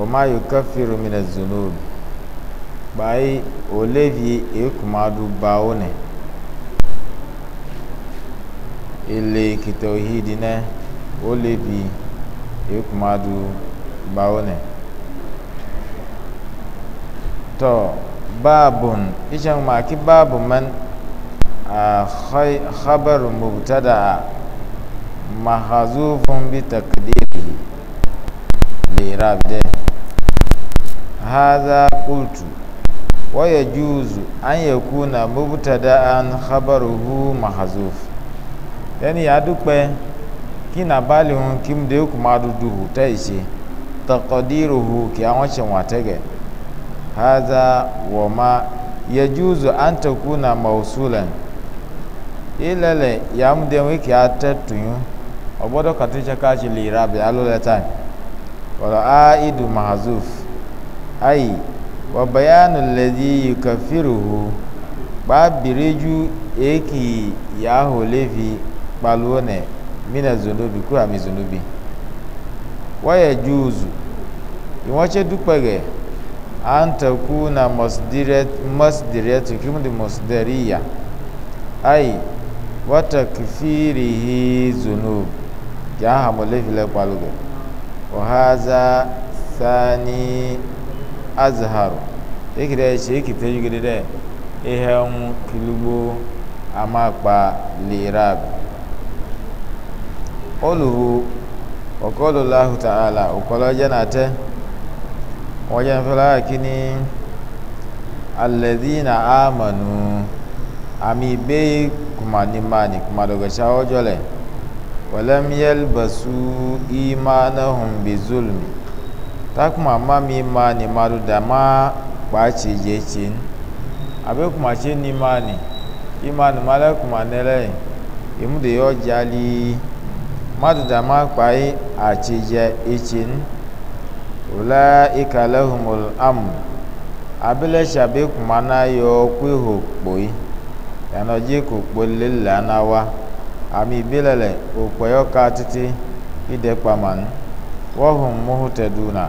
وما يكفر من الذنوب باي ولفي إكمادو باونه إلي كتوحيدنا ولفي إكمادو باونه تو باب إيشان ماكي باب من خبر مبتدأ محذوف بتقديره لإرابده هذا قلت ويجوز أن يكون مبتدا خبره محذوف يعني أدوك kí na baali hun kí mu dee kuma dudu hu ta ìṣe takọdiiru hu kí àwọn ṣe wọn àtẹgẹ haza wọma yajuzu an taku na mausulan ilẹlẹ yaamu dee wọn kì í atẹ tuyun ọgbọdọ kàtúnṣe káàṣì lè mahazuf ayi wa bayanu lɛdi yukafiruhu kpa bireju eki yaho levi kpaluo nɛ mina zonobi kura mi zonobi waya juuzu iwɔtse dukpɛgɛ antaku na masdirɛtu kimdi masdariya ayi wata kifirihi zonob yahamu levi lɛ kpaluo gɛ wahaza sani azharu ekele ɛtsɛ ekele yugede dɛ ihe ŋu kiligbo amakpa lirab oluhu ɔkɔlu lahu ta'ala ɔkɔlu ɔdze natɛ ɔdze nfɛlɛ akini alɛdina amanu ami be kuma nimani kuma dɔgɔtsa ɔdzɔ yɛlbasu imanahum bizulmi. ta kuma ma mi ma ni ma du da ma kpa tsi dze abe kuma tsi ni ma ni ima ni ma lɛ kuma nere lɛ emu de yɔ dza li ma du da ma kpa yi atsi dze etsi wòlɛ ika lɛ humul am abe lɛ tsi abe kuma na yɔ kue ho kpo yi yanɔdzi ko kpo le la ami bi lɛ lɛ okpɛ ka titi idɛ kpa ma nu wɔhum muhu tɛ du na.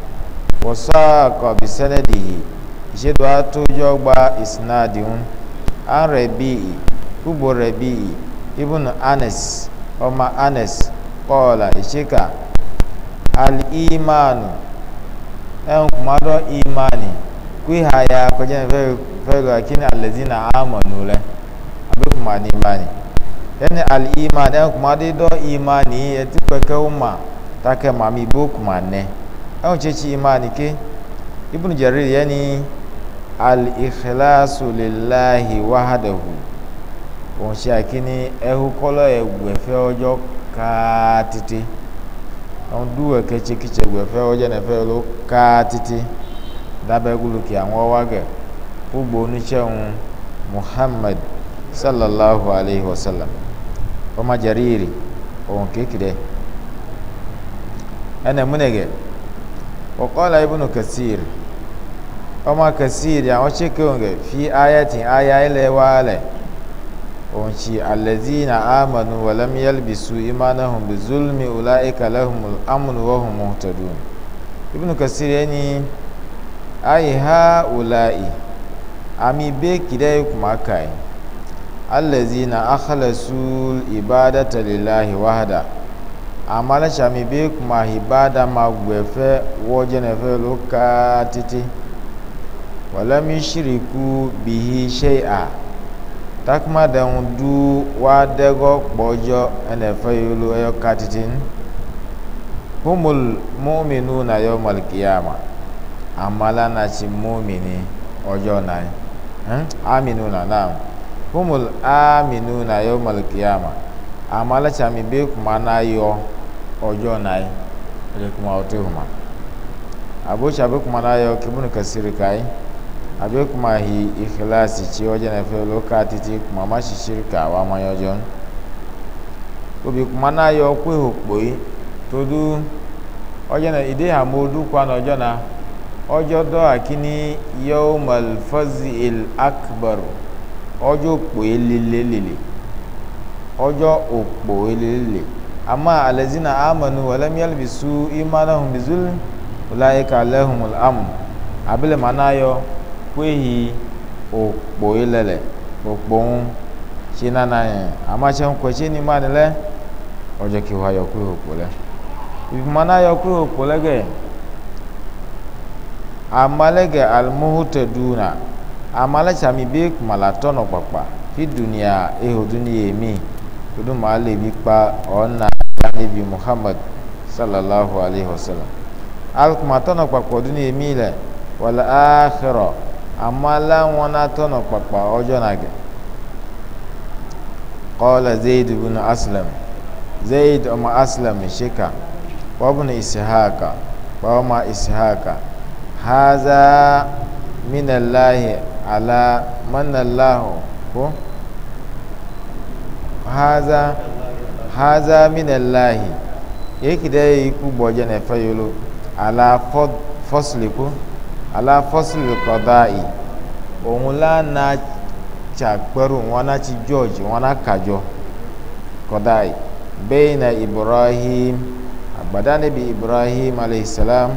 wọsọ akọbi sẹnẹdi yi ṣẹdu atu yọgba isinadi hun anrẹ bii kubo rẹ bii ibun anes ọma anes pọla ìṣeka alìmánu ẹn e imani kwiha ya kọjá fẹgọ akínní na amọnu rẹ abẹkumani imani e ɛwọn tsitsi imaani ke ibnu jarir yani al-ikhlasu lillahi wahadahu wọn ṣe àkíní ẹhu kọlọ ẹgbẹfẹ ọjọ káá títí wọn dú ẹkẹtsẹ kìtsẹ ẹgbẹfẹ ọjọ nẹfẹ ló káá títí dábẹ́gulu kì àwọn ọwágẹ gbogbo oníṣẹ́hun muhammed sallallahu alayhi wa sallam ọmọ jarir ọ̀hún kékeré ẹnna múnẹ̀gẹ̀. وقال ابن كثير أما كثير يعني وشكوه في آية آية لوالة ونشي الذين آمنوا ولم يلبسوا إيمانهم بظلم أولئك لهم الأمن وهم مهتدون ابن كثير يعني أي هؤلاء أمي بك دايكم أكاين الذين أخلصوا العبادة لله وحده amale tsami bi kuma hiba da ma gbefe wɔdze nefe lo kaa titi wale mi siriku bihi seya takma de ŋu du wa de gɔ kpɔdzɔ enefe yi lo eyɔ ka titi humul muminu na yɔ malikiyama amala na tsi mumini ɔdzɔ na yi hmm? aminu na na humul aminu na yɔ malikiyama amala tsami bi kuma na yɔ. Ojo náà ẹ̀rẹ́ kuma ọtí hùmà àbúṣe abẹ́kùmá náà yọ kíbùnú kẹsìrì káyé abẹ́kùmá hi ìkìláàsì tí ọjọ́ náà fẹ́ lóka títí kùmà má ṣiṣẹ́ ká wà má yọjọ́ obì kùmà náà yọ pé òpó yìí tó dú ọjọ́ náà ìdí àmọ́ odúkọ àná ọjọ́ Ojo ọjọ́ dọ́ àkíní yọ́ọ́ malfazi il akbar ọjọ́ òpó yìí lélelele ọjọ́ òpó yìí lélelele. amma alazina amanu wa lam yalbisu imanahum bizulm ulaika lahumul amn abile manayo kwehi okpo ilele okpo ń ṣe nana yẹn amáṣe ń kwẹṣẹ ní má nílẹ ọjọ kí wàá yọ kúrò òpó fi pa anibi muhammad sallallahu alayhi wa sallam alukuma tɔnɔ kpakpɔ do ne mi lɛ wala ahirɔ amala ŋɔna tɔnɔ kpakpɔ ɔjɔ na gɛ kɔɔla zayid bin aslam zayid ɔmɔ aslam shika wɔbuna isihaka wɔma isihaka haza minallahi ala manallahu ko haza. haza minallahi yekide ikú gbọjẹ n'efe yolo ala fọsiliku ala fọsiliku kọda yi na tsakpẹrù wọn na tsi george wọn na kadzọ abada na ibrahim agbada níbi ibrahim aleyhisselam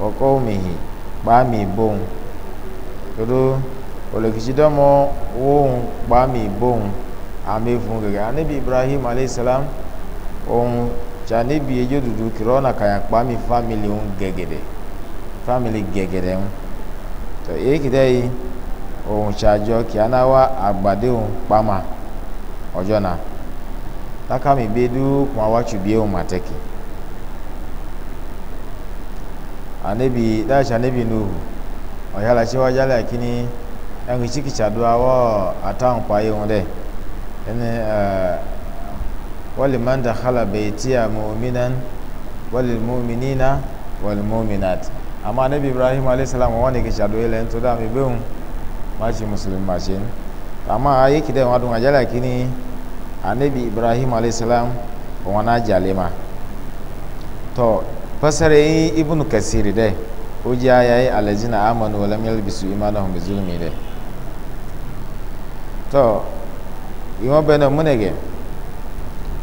kọ́kọ́ mihi kpami bóun todo olùkìtì dọ́mọ wóun kpami bóun àmì fún gègé níbi ibrahim aleyhisselam. ohun tsanebi edzo dudu kirɔ na kayakpa mi famili ŋu gɛgɛdɛ famili gɛgɛdɛ ohun tsadzɔ kia agbade ŋu kpama ɔdzɔ na takami mi bi du kuma wa nuhu ɔyala tsi kini ɛŋutsi kitsa do awɔ ata ŋu ولمن دخل بيتي مؤمنا وللمؤمنين والمؤمنات أما النبي إبراهيم عليه السلام وانا كشادو إلى أنتو دام يبيهم ماشي مسلم ماشين أما أي كده ما دون أجل النبي إبراهيم عليه السلام وانا جالما تو فسره ابن كثير ده وجاء يا الذين آمنوا ولم يلبسوا إيمانهم بظلم ده تو يوم بينهم منهم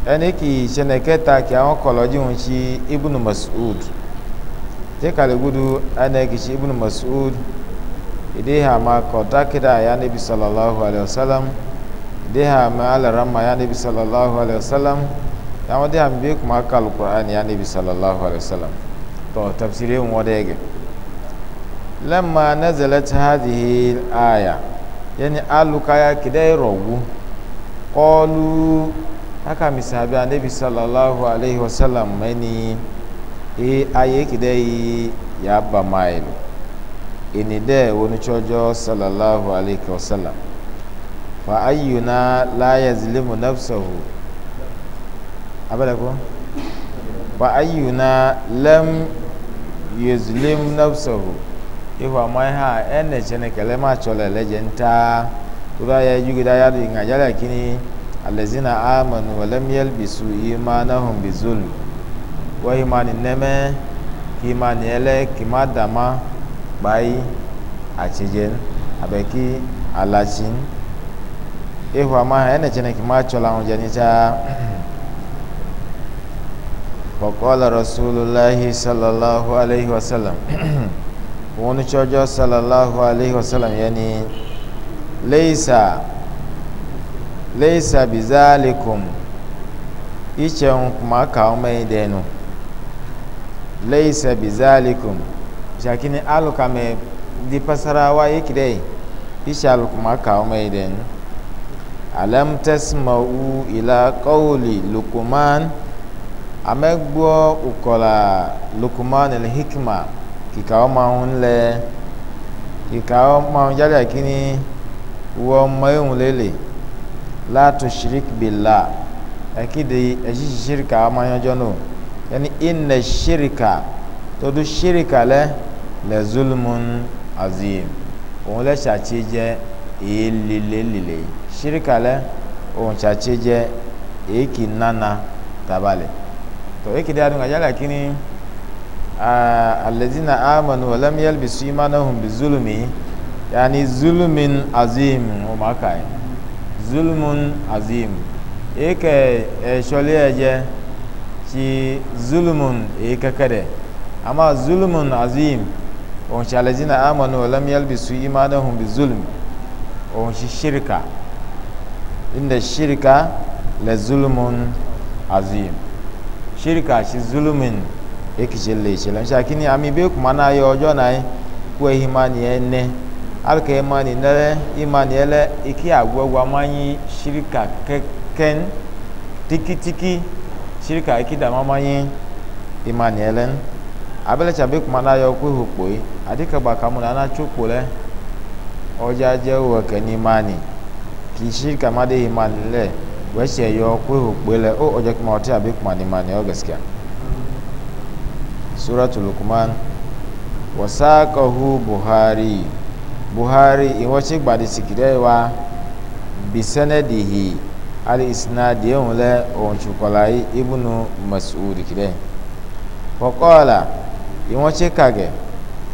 ẹni kì í ṣẹlẹ̀ kẹta kí àwọn kọlọ́jì ń ṣe ibùnú masoud tí kàlẹ́gùdù ẹni kì í ṣe ibùnú masoud ìdí hàmà kọ̀dákìdá ya níbi sallallahu alayhi wa sallam ìdí hàmà alàràmà ya níbi sallallahu alayhi wa sallam àwọn dí hàmà bí kùmà kàlù qur'an ya níbi sallallahu alayhi wa sallam tó tafsiri ń wọ́n dẹ́gẹ̀ lẹ́mà nẹ́zẹ̀lẹ́ ti hàdìhì àyà yẹni alùkáyà kìdẹ́ ìrọ̀gù kọ́lù aka misabi anabi sallallahu alaihi wasallam mani e aye kidai ya ba mail ini de woni chojo sallallahu alaihi wasallam fa ayyuna la yazlimu nafsahu abada ko fa ayyuna lam yuzlim nafsahu ifa mai ha ene chene kelema chole leje nta ya yugi ya ri ngajala kini alẹ́zínà àmọ̀nù wẹ̀lẹ́mìẹ́lì bìsù ìmánahùn bìzọ́lù wọ́n ìmánì nẹ́mẹ́ kí ìmánì ẹlẹ́ kì má dàmá báyìí àtsẹ̀jẹ́ àbẹ̀kí alatsi ehu ama ẹnẹtsẹnẹ kì má tsọ́ làwọn jẹ́ nítsá kɔkɔlɔ rasulillahi sallallahu alayhi wa sallam wọn tsɔjɔ sallallahu alayhi wa sallam yẹni leisa leisa bizalikum ichen kuma ka mai denu leisa bizalikum shakini aluka mai di fasarawa yake dai isha kuma ka mai denu alam tasma'u ila qawli luqman amegbo ukola luqman al-hikma kika ma hunle kika ma hunjala kini wo mayun e lele la tushrik billah akide eji shirka amanyajo no yani inna shirka todo shirka le le zulmun azim òun lẹ ṣàtì jẹ èélélélélé shirika lẹ òun ṣàtì jẹ èékì nana tabalẹ tó èékì dáadọ nga yálà kí ni alẹ́dínà amọ̀nù ọ̀lẹ́mìyẹ́lì bisu imanahun bizulumi yanni zulumin azim ọmọ aka zulmun azim eke esholi eje ci zulmun ikakade e amma zulmun azim on shalazina amanu wa lam yalbisu imanahum bi zulm on shi shirka inda shirka la zulmun azim shirka shi zulmin ikishele e ishilan shakini ami be kuma na yo ojo na e, ku ehimani ene alike imani nɛlɛ imani yɛlɛ ike agbɛwa manyi sirika kɛkɛn tikitiki sirika ike dama manyi imani yɛlɛ abɛlɛtsa bi kuma na yɔ kpeho kpoe adike gba kamu na anatso kpo lɛ ɔdzadze wɔ kɛ ni imani ki sirika ma de imani lɛ wɛsɛ yɔ kpeho kpoe lɛ o ɔdze kuma ɔtɛ abi kuma ni imani yɔ gɛskia suratul lukman wasaakahu buhari. buhari ìwọ́sí gbàdísìkìdẹ́ wa bisanadihi alìsínádìí òun e lẹ òun tsukọ̀lá ibùnú masuudi kire wọ́kọ́ọ̀là ìwọ́sí kage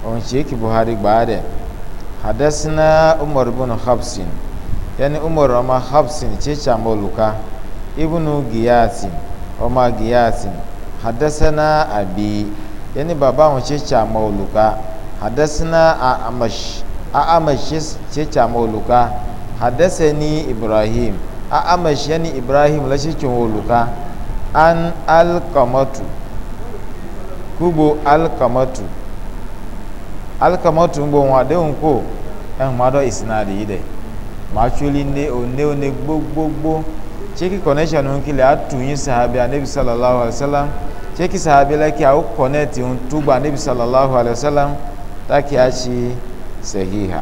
òun tsèkì buhari gbàdẹ́ hadasina umar ibùnú habsin yẹni umar ọma habsin tsèkì àmọ́lùkà ibùnú giyasin ọmọ giyasin hadasana àbí yẹni bàbá òun tsèkì àmọ́lùkà hadasina amashi A أعمش شيشا مولوكا حدثني إبراهيم أعمش يعني إبراهيم لشيشا مولوكا أن القمت كبو القمت القمت مبون ودون كو ẹ̀hùn máa dọ̀ ìsinadì yìí dẹ̀ máa tsoli ne one one gbogbogbò tseki connection ń kele atunyi sahabi anabi sallallahu alayhi wa sallam tseki sahabi lẹ́kì àwọn connect ń túgbà anabi sallallahu alayhi wa sallam tákì tsi sahiha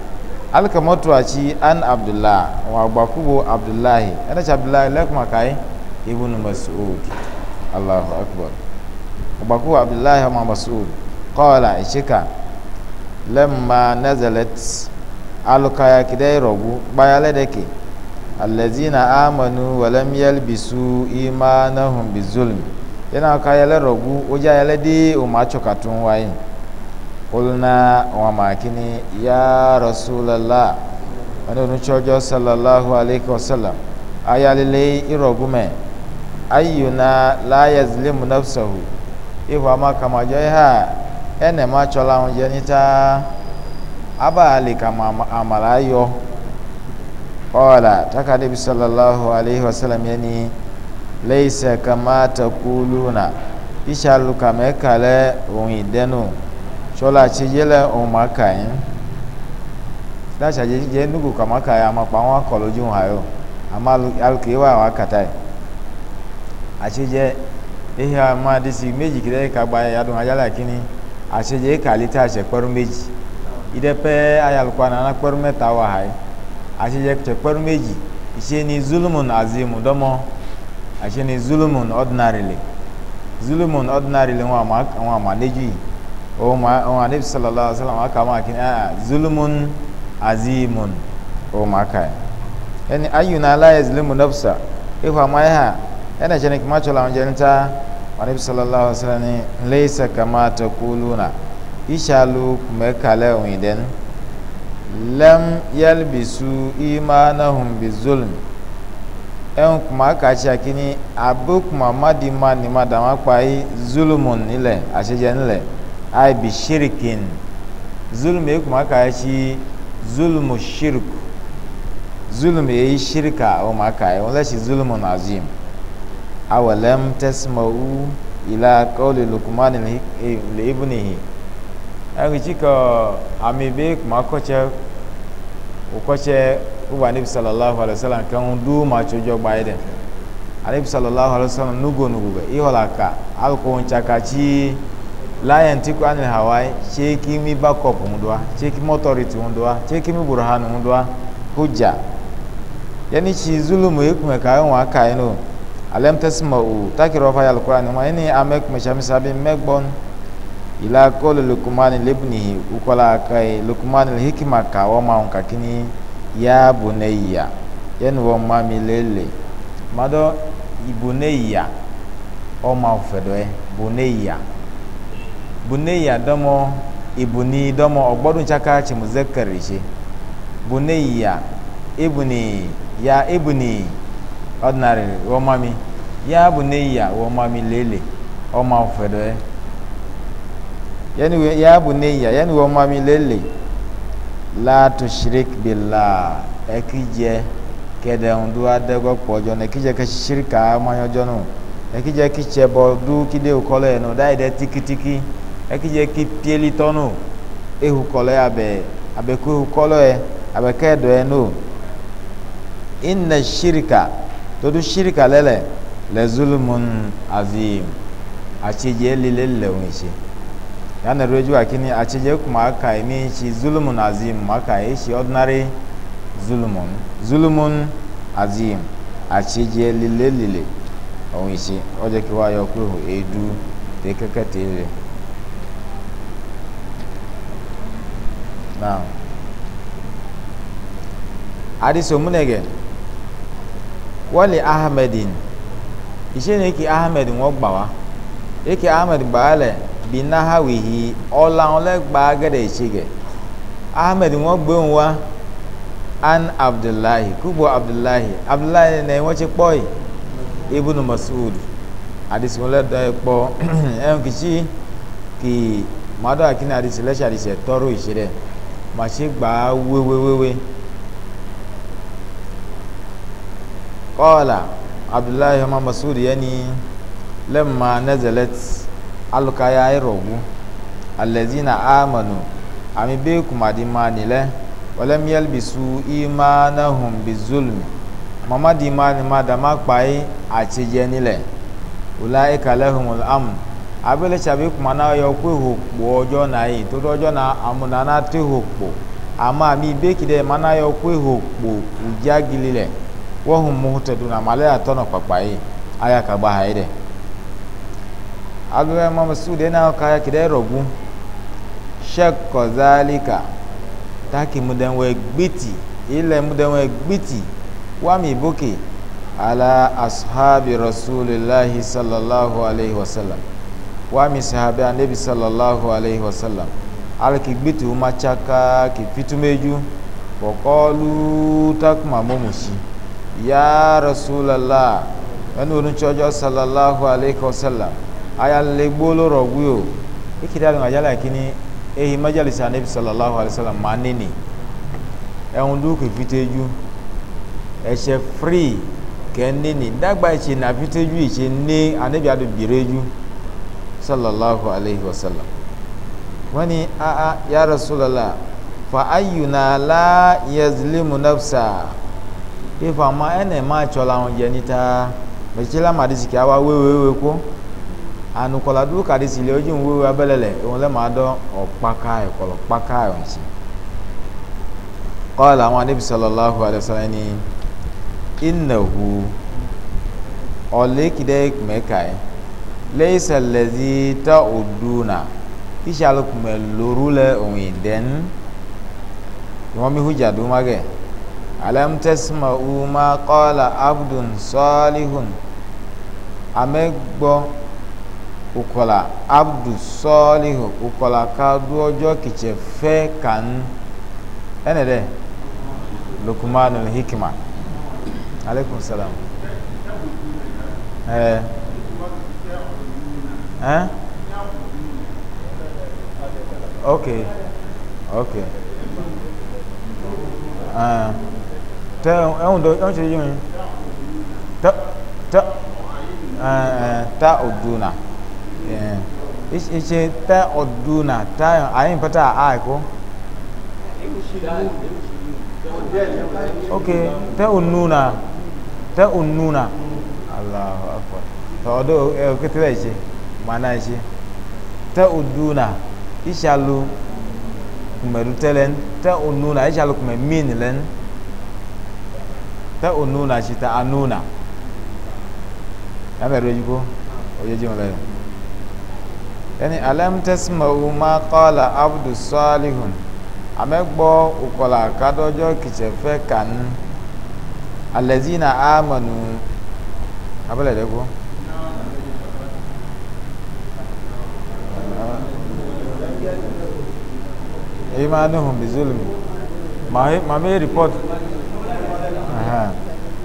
alka matwaci an abdullah wa gbakubo abdullahi yana ce abdullahi lakuma kai ibn mas'ud allahu akbar gbakubo abdullahi ma mas'ud qala ishika lamma nazalat alkaya kidai rogu bayale dake allazina amanu wa lam yalbisu imanahum bizulm yana kayale rogu oja yale di o ma wayin kulna wọn makini ya rasulallah wọn ni oníṣọjọ sallallahu alayhi wa sallam ayalile irọgumẹ ayuna layazlimu nafsahu ihu ama kamajọ ha ẹnẹ ma tsọla wọn jẹ níta abaali kama amala ayọ kọọla sallallahu alayhi wa sallam yẹni leysa kama takuluna isalu kama ẹka lẹ òun ìdẹnu. tsola tsi dze le ohun ma ka yi da tsa dze dze nugo kama ka yi amakpa wọn akɔlɔ dzi wọn ayo ama aluke wa wa kata yi atsi dze ehe ama disi meji kele kagba ya do adzala kini atsi dze ekali ta tse kpɛru meji yi ɖe pɛ ayalukpa nana kpɛru mɛta wa yi atsi dze tse kpɛru meji itse ni zulumun azimu dɔmɔ atsi ni zulumun ordinary le zulumun ordinary le wọn ama wọn yi ohun anabi sallallahu alaihi wasallam aka ma kini a ah, zulmun azimun ohun aka yani ayyuna la zulumun nafsa ihwa ma yaha yana jani kuma chola wanjanita anabi sallallahu alaihi wasallam ni laysa kama taquluna ishalu kuma kale widen lam yalbisu imanahum bizulm ẹn kuma kàtsi akini abe kuma madima ni madama kpa yi zulumun nílẹ̀ àṣejẹ nílẹ̀ ay bi shirkin zulm ya kuma ka shi zulmu shirk zulm ya yi shirka a maka ya wanda shi zulmun azim awalam tasma'u ila qawli luqman li ibnihi an ci ka amibe kuma kwace kwace kuba anabi sallallahu alaihi wasallam kan du ma cojo baiden anabi sallallahu alaihi wasallam nugo nugo ihol aka alko chakachi layan ti ko anil hawai ce ki mi backup mu doa ce ki motority mu doa ce ki mi burhan mu doa hujja yani ci zulumu yiku me kayan wa kayan o alam tasma'u takiro fa alquran ma ini amek me shami sabi megbon ila qul luqman libnihi ukola kai luqman al hikma ka wa ma on kakini ya bunayya yani wa ma mi lele mado ibunayya o ma fedoe bunayya buneya dɔmɔ ibuni dɔmɔ ɔgbɔdun tsaka tsimuzekari tsi bụ ibuni ya ibuni ordinary wɔmami ya ya wɔmami lele ọma ɔfɛ ya bụ yani ya ya na wɔmami lele la tushirik bila ekidze kɛdɛn do adɛgbɔ kpɔdzɔ ne ekidze kɛsirika manyɔdzɔ no ekidze kitsɛ bɔ du kide wòkɔlɔ yɛ no da yi tikitiki. ekidze ki pieli tɔnu ehu kɔlɔ abe abeku ehu kɔlɔ yɛ abeke dɔ yɛ no ina shirika todo shirika lɛ lɛ zulumun azim atsidze lile lɛ wɔn etsi yana do edua kini atsidze kuma aka yi mi etsi zulumun azim ma aka yi etsi ordinary zulumun zulumun azim atsidze lile lile wɔn etsi ɔdze kewa yɔ kuro edu te keke te lile. now hadith omunege wali ahmedin iṣẹ́ ni eke ahmed wọ́n gbà wá eke ahmed gbà le bi bí nahawihi ọ̀la wọn lẹ́ gbà á gẹ́dẹ̀ iṣẹ́ gẹ̀ ahmed wọ́n gbé wọn wá an abdullahi kúgbọ́ abdullahi abdullahi ni wọ́n ti pọ̀ yìí ibùdó masoud hadith wọn lẹ́dọ̀ ẹ̀ pọ̀ ẹ̀hún kìí kì mọ́tò àkínní hadith lẹ́sẹ̀ hadith ẹ̀ e tọ́rọ màṣẹ gbà á wéwéwéwé kọ́ọ̀là abdullahi ọmọ masud yẹni lẹ́mà nezelet alukaya irọ̀gù alẹ́zínà amanu àmì bẹ́ẹ̀ kùmàdì máa nílẹ̀ wọlẹ́mìẹ́lì bìsú ìmánahùn bìzúlùmí mọ́mọ́dì máa ní má dàmá pààyè àti jẹ́ nílẹ̀ wùlá ìkàlẹ́hùn ọ̀làmù. abele tsabi kuma na yɔ kpe ho kpo na yi to do na amuna na te ho kpo ama mi beki ɖe ma na yɔ kpe ho kpo udza gili lɛ wɔhu mu te do na ma lɛ atɔ nɔ kpakpa yi aya ka gba ha yi ɖe agbɛ mɔmusu de na ka ki ɖe rɔbu sɛ kɔzalika taki mu ɖe wɔ gbiti ilẹ̀ mudẹ̀wọ̀n ẹgbìtì wàmí ìbókè ala asuhabi rasulillahi sallallahu alayhi wa wami sahabe anabi sallallahu alaihi wasallam alkigbitu machaka kifitumeju wakolu takuma momushi ya rasulallah ẹnu onítsọjọ sallallahu alaihi wasallam ayalegbo ló rọgbu o ekele alẹ ŋadjala kini eyi majalisa anabi sallallahu alaihi wasallam ma nini ẹnu e du kifiteju ẹsẹ e firi kẹ nini dagba ẹsẹ e nafiteju ẹsẹ ne anabi adu bireju. sallallahu alaihi wasallam wani a'a ya rasulallah fa ayyuna la yazlimu nafsa ifa ma ene ma chola onje nita mechila madisi ki awa wewewe ko anukola du kadisi le ojun wewe abelele won le ma do opaka e kolo paka e onsi qala wa nabi sallallahu alaihi wasallam ni innahu olekide mekai leisa lezi ta oduna kisha alukume lorule oyin den wọn mi hujja duma ge alam tasma uma qala abdun salihun amegbɔ ukola abdu salihu ukola ka du ɔjɔ kitsɛ fɛ kan ɛnɛ dɛ lukumanu hikima aleykum salam ɛɛ. Eh. eh? okay okay tẹ ẹhùn tó ẹhùn ṣe yí mi tẹ tẹ ta ọdúnà ìṣe tẹ ọdúnà ta àyìn pátá àìkú ok tẹ ọnùnà tẹ ọnùnà aláwọ akpọ tọ ọdọ ẹ kẹtẹrẹ ṣe mana shi ta uduna ishalu kuma rutelen ta ununa ishalu kuma minilen ta ununa shi ta anuna oh, ya bẹ̀rẹ̀ ojú kó oye jí wọn lẹ́yìn ẹni alẹ́mtẹ́sìmọ̀wò máa kọ́lá abdulsalihun amẹ́gbọ́ òkọlà kádọ́jọ́ kìtẹ̀fẹ́ kàn án alẹ́zínà àmọ̀nù abẹ́lẹ̀dẹ́gbọ́. imanuhum bizulmi ma me report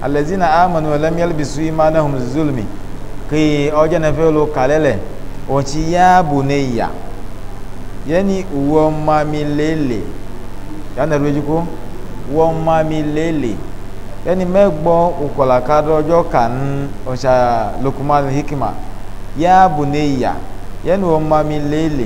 alazina amanu lam yalbisu imanahum bizulmi ki oje na fe lo kalele onchi ya bunayya yani uwo ma mi lele yana rejuko wo ma mi lele yani megbo ukola kado ojo kan osha luqman hikma ya bunayya yani wo ma mi lele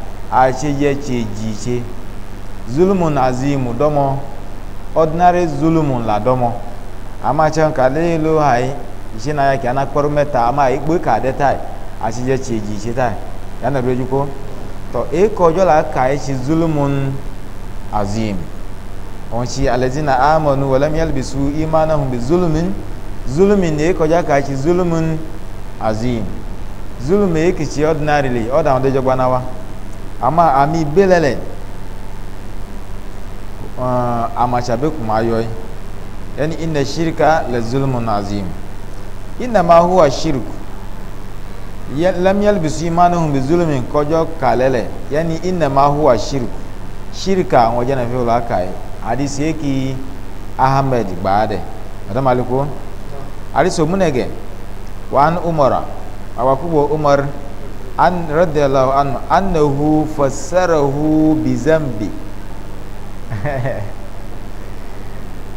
aseyechejiche zulumun azimu domo ordinary zulumun la domo amachan kalelu hai na ya ki ana ama ikpe e ka de tai aseyechejiche tai ya na rue juko to e ka ichi e zulumun azim wọn alazina amanu yalbisu imanahum bi ne ka azim ama ami belele uh, amasabe kuma ayɔi yani ina shirka la zulmun azim inama huwa shirku lam yalbisu imanahum bi zulmin kɔjɔ kalɛlɛ yani inama huwa shirku shirika ŋɔ na fi wula kai hadisi eki ahmed gbaade madam aliko hadisi omunege wa an umara awakubo umar an radiyallahu anhu annahu fassarahu bi zambi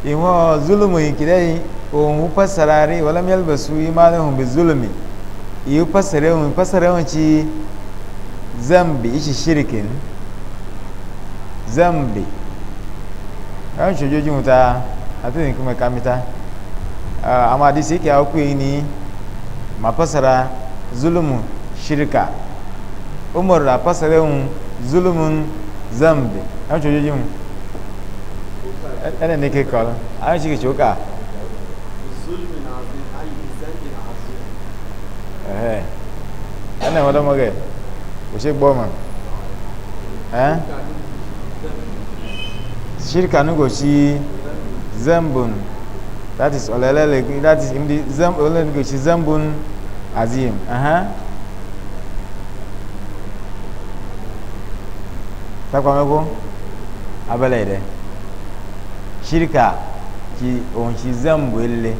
imo zulumu ikidai ohun fassarari walam yalbasu imanahum bi zulmi yi fassarehun fassarehun ci zambi ishi shirkin zambi yawon shojojin wuta a tunin kuma kamita amma disi ke hauku yi ni ma fassara zulumu shirka umar da fasare un zulumun zambi yan cojoji mu ɗanen ne ke kawo an shi ke coka ẹ̀hẹ́ ẹ̀nà ìwọ̀n dọ́mọ rẹ̀ kò ṣe gbọ́ mọ̀ ẹ́ ṣírkà ní kò ṣí that is ọ̀lẹ́lẹ́lẹ́ that is ọ̀lẹ́lẹ́ kò ṣí zambon azim. Uh -huh. takwame ko abele de shirika ki ohun shi zambu ile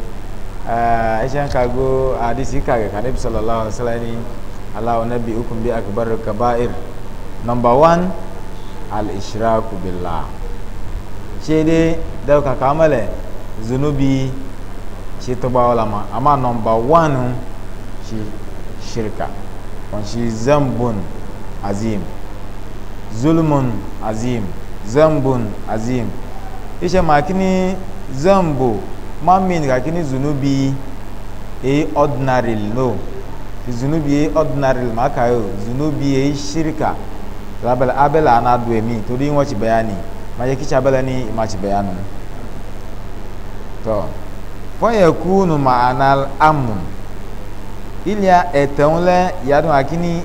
aishan kago hadisi kage ka nabi sallallahu alaihi wasallam ni allah wa nabi hukum bi akbar kaba'ir number 1 al ishraku billah she de da ka kamale zunubi shi to ba wala ma amma number 1 shi shirka kon zambun azim zulmun azim zambun azim ishe makini zambu mamin kakini zunubi e ordinary no zunubi e ordinary makayo zunubi e shirka labal abela anadu emi tori won ti bayani ma je kicha abela ni ma ti bayanu to fa yakunu ma'anal amun ilya etonle yadun akini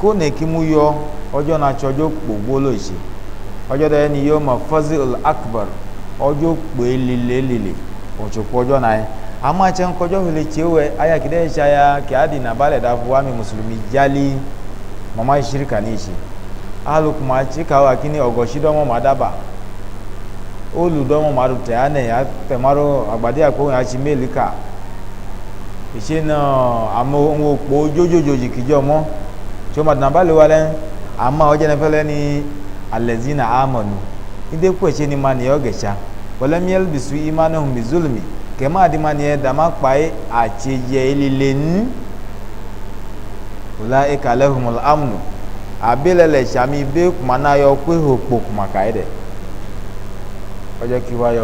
kone kimuyo ọjọ́ náà tí ọjọ́ gbogbo ló ṣe ọjọ́ tó yẹ ni yóò mọ̀ fọ́sí akbar ọjọ́ pé líle líle òṣùpọ̀ ọjọ́ náà yẹ àmọ́ àti ẹnkọ́ ọjọ́ fìlẹ̀ tí ó wẹ ayakidẹ́ ṣe aya kíádì nàbàlẹ̀ dáfọ́ wàmí mùsùlùmí jálí mọ̀mọ́ ìṣirìkà ní ìṣe alùpùpù máa ti kàwé àkíní ọ̀gọ̀ṣídọ́mọ̀ máa dábàá olùdọ́mọ̀ máa dùn tẹ̀ ánà ama ɔdze ne fɛlɛ ni alɛzina amanu ide kpɛtse ni mani ni yɔ gɛtsa wòle miɛl bisu imanu hum bizulumi kɛmɛ adi ma ni yɛ dama kpae atsedzɛ elile nu wòle eka lɛ hum amnu abe lɛ lɛ tsami be kuma na yɔ kpe ho kpo kuma ka yi dɛ ɔdze kiwa ni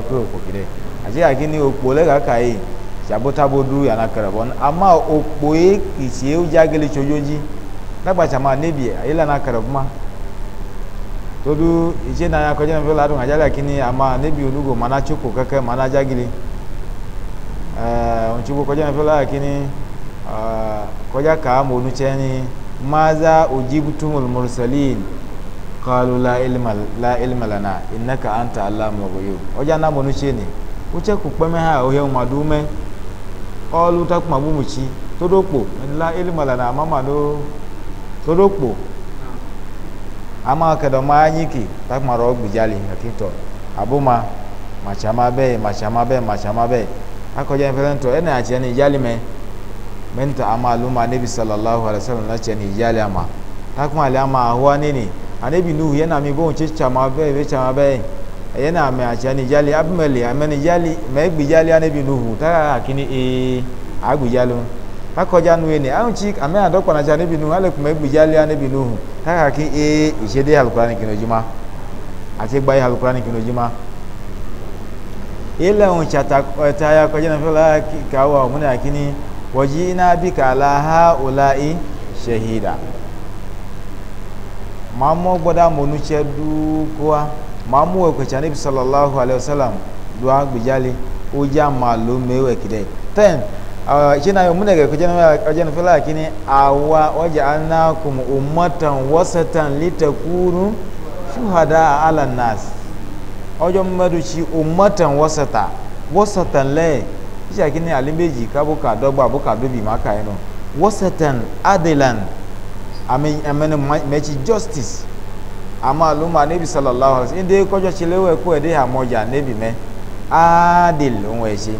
okpo lɛ kaka yi tsabotabo du yana kɛrɛ bɔ ama okpo yɛ kitsi yɛ nakpatsa ma nebi ayila na kɛrɛ kuma todu itse na ya kɔdze nufɛ la do ŋadza la kini ama nebi onugo mana tsoko kɛkɛ mana dzagili ɛɛ eh, ŋutsugo kɔdze nufɛ la kini ɛɛ eh, kɔdza ka ama onu tsɛ maza ojibutumul mursalin kalu la ilma la ilma lana innaka anta alamu ghuyub ɔdze na ama onu tsɛ ni wotse ko kpɛmɛ hã ohe ma do mɛ ɔlu takuma bumuci todo kpo la ilma lana mama do. No, torokpo ama kedo ma anyiki tak mara ogbijali akito abuma machama be machama be machama be akoje mfento ene ache ni jali me mento ama luma nabi sallallahu alaihi wasallam na che jali ama tak ma le ama huwa nini anabi nuhu yana mi bon che chama be be chama be yana me ache ni jali abmeli ameni jali me gbijali anabi nuhu ta akini e agbijalo makɔdza nu ene aŋ tsi ame adɔ kpanatsa nebi nu alɛ kuma egbedza lia nebi nu hu kaka ki ee ìṣe de alukura ni kino dzima ati gba yi alukura ni kino dzima ilẹ̀ ń tsata ɛta e, ya kɔdza nafe la kawa ɔmu na kini wɔdzi ina bi ha o i sehida mamɔ gbɔdɔ amonutse dukoa mamu ɛkutsa nebi sallallahu alayhi wa sallam do agbedza li o dza ma lo mewu ekele ten. shine yau muna ga kajen fila kini awa waje annakum ummatan wasatan litakunu shuhada ala nas ojo mmadu shi ummatan wasata wasatan le shi kini alimeji ka ka dogba ka dubi maka ino wasatan adilan amene mechi justice ama aluma nebi sallallahu alaihi wasallam inde kojo chilewe ku ede ha moja nebi me adil onwe shi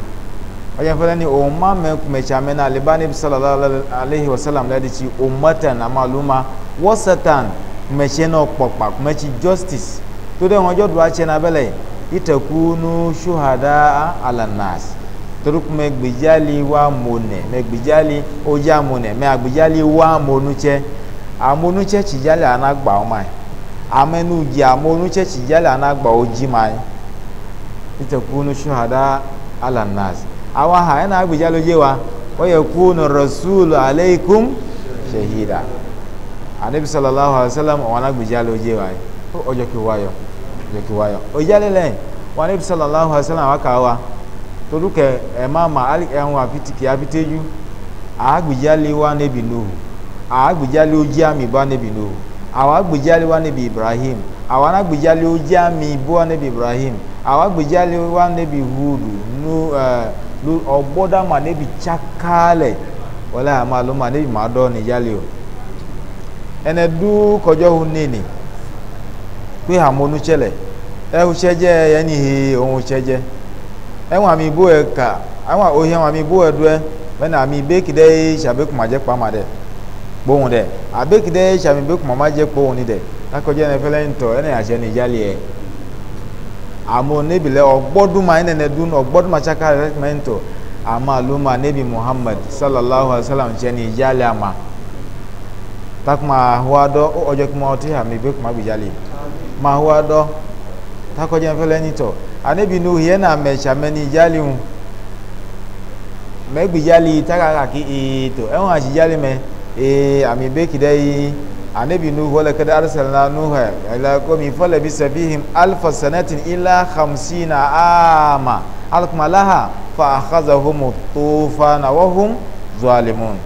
wajen fana ni umma mai shame na alibani sallallahu alaihi wasallam ladi ci ummatan na maluma wasatan mai shi na kpakpa kuma ci justice to dai wajen duwa ce na bala ita kunu shuhada alanas torí kuma gbijali wa mone mai gbijali oja mone mai gbijali wa monuce amonuce ci jali anagba ọmọ amenuji amonuce ci jali anagba oji ma ita kunu shuhada alanas awa ha ena eh, agbijalo yewa wa yakunu rasulu alaikum shahida anabi ah, sallallahu alaihi wasallam wa na agbijalo yewa o ojo ki wayo ojo ki wayo o oh, jale le wa anabi sallallahu alaihi wasallam wa ka wa toruke e eh, mama ali e won afiti ki afiteju agbijale ah, wa nabi nuhu agbijale ah, oji ami ba nabi nuhu awa agbijale wa nabi ibrahim awa na agbijale oji ami bo nabi ibrahim awa agbijale wa nabi hudu nu uh, eh, lu ọgbọdọ ma nebi tsakalẹ wọlé ma nebi ma dọ o ẹnẹ dú kọjọ hu nìní pé àmọnú tsẹlẹ ẹhu tsẹjẹ ohun tsẹjẹ ẹwọn àmì ibú ẹ kà ẹwọn òhìn àwọn ami ibú ẹ dú ẹ mẹni àmì ibéèkì dẹ sàbẹkùmà jẹ kpamà dẹ dẹ dẹ ma jẹ ni dẹ fẹlẹ ẹ. amo nebi lɛ ɔgbɔduma yi nene dun ɔgbɔduma tsaka rɛkmɛnto ama luma nebi muhammad sallallahu alaihi wa sallam tsɛni yali ama takuma hua dɔ o ɔdzɔ kuma ɔti ha mi bi kuma bi yali ma hua dɔ takɔdze fɛlɛ nitɔ anebi nu hiɛ na mɛ tsamɛ ni yali ŋu mɛ gbi yali taka kaki ee to ɛwọn asi yali anabi nuhu wala kada arsalna nuha ila qawmi falabisa fihim alfa sanatin ila khamsina ama alkmalaha fa akhazahum tufan wa hum zalimun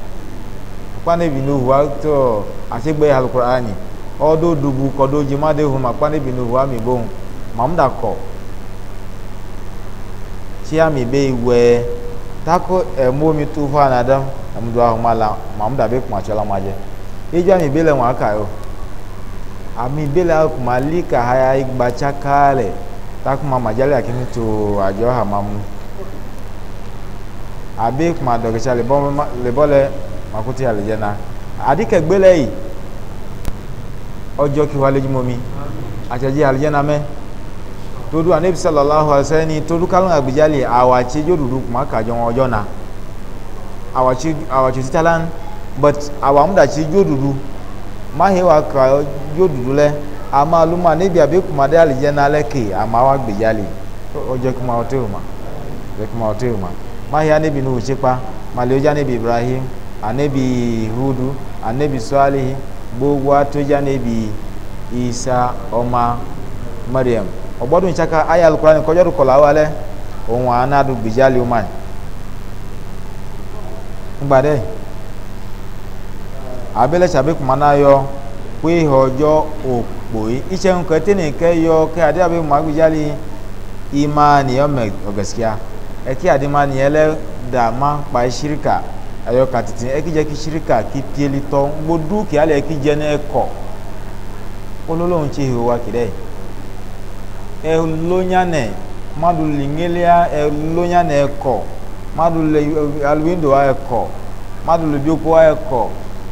kwanabi nuhu wa to asegbe alqur'ani odo dubu kodo jimade huma kwanabi nuhu mi bon mamda ko ti ami be iwe tako emo mi tufan adam amdu ahumala mamda be kuma chola maje idza mi bele wọn aka yọ àmì bele akuma li ka haya igbatsa kaalẹ takuma madzali akini to adzɔ hamamu abe kuma dɔgɔtsa lebɔ lɛ makuti alidzana adike gbele yi ɔdzɔ kiwa le dzimomi atsadzi alidzana mɛ todu anabi sallallahu alaihi wa sallam ni todu kalon agbedzali awatsi dzodudu kuma kadzɔ ɔdzɔna awatsi awatsi titalan. but àwọn amúdàtsi yóòdùdù máhìwá kà yóòdùdù lẹ àmà lùmà níbi àbí kùmàdé àlìjẹ nálẹ kè àmà wà gbèjà lè ọjọ kùmà ọtí òmà ọjọ kùmà ọtí òmà ní òṣèpá ibrahim ànẹ́bi hudu ànẹ́bi sọ́ọ́lì gbogbo àtọ́jà níbi isa ọmọ mariam ọgbọ́dún ìṣaka ayé alukura ni kọjọ́ dùkọ̀ làwọn alẹ́ òun àánádùn gbèjà lè ń yìí. abele tsabe kuma na yɔ kó ihɔ yɔ òkpò yi itse ŋu kete ne ke yɔ ke adi abe mo agbidzali ima ni yɔ mɛ eke adi ma ni yɛ da ma kpa esirika ayɔ katiti eke dze ki sirika ki pieli tɔ ŋgbodu ki ali eke dze ne kɔ ololo ŋutsi hi wa ki dɛ elonyanɛ madu lingelia elonyanɛ kɔ madu le aluwindo ayɛ kɔ madu le bioko ayɛ kɔ.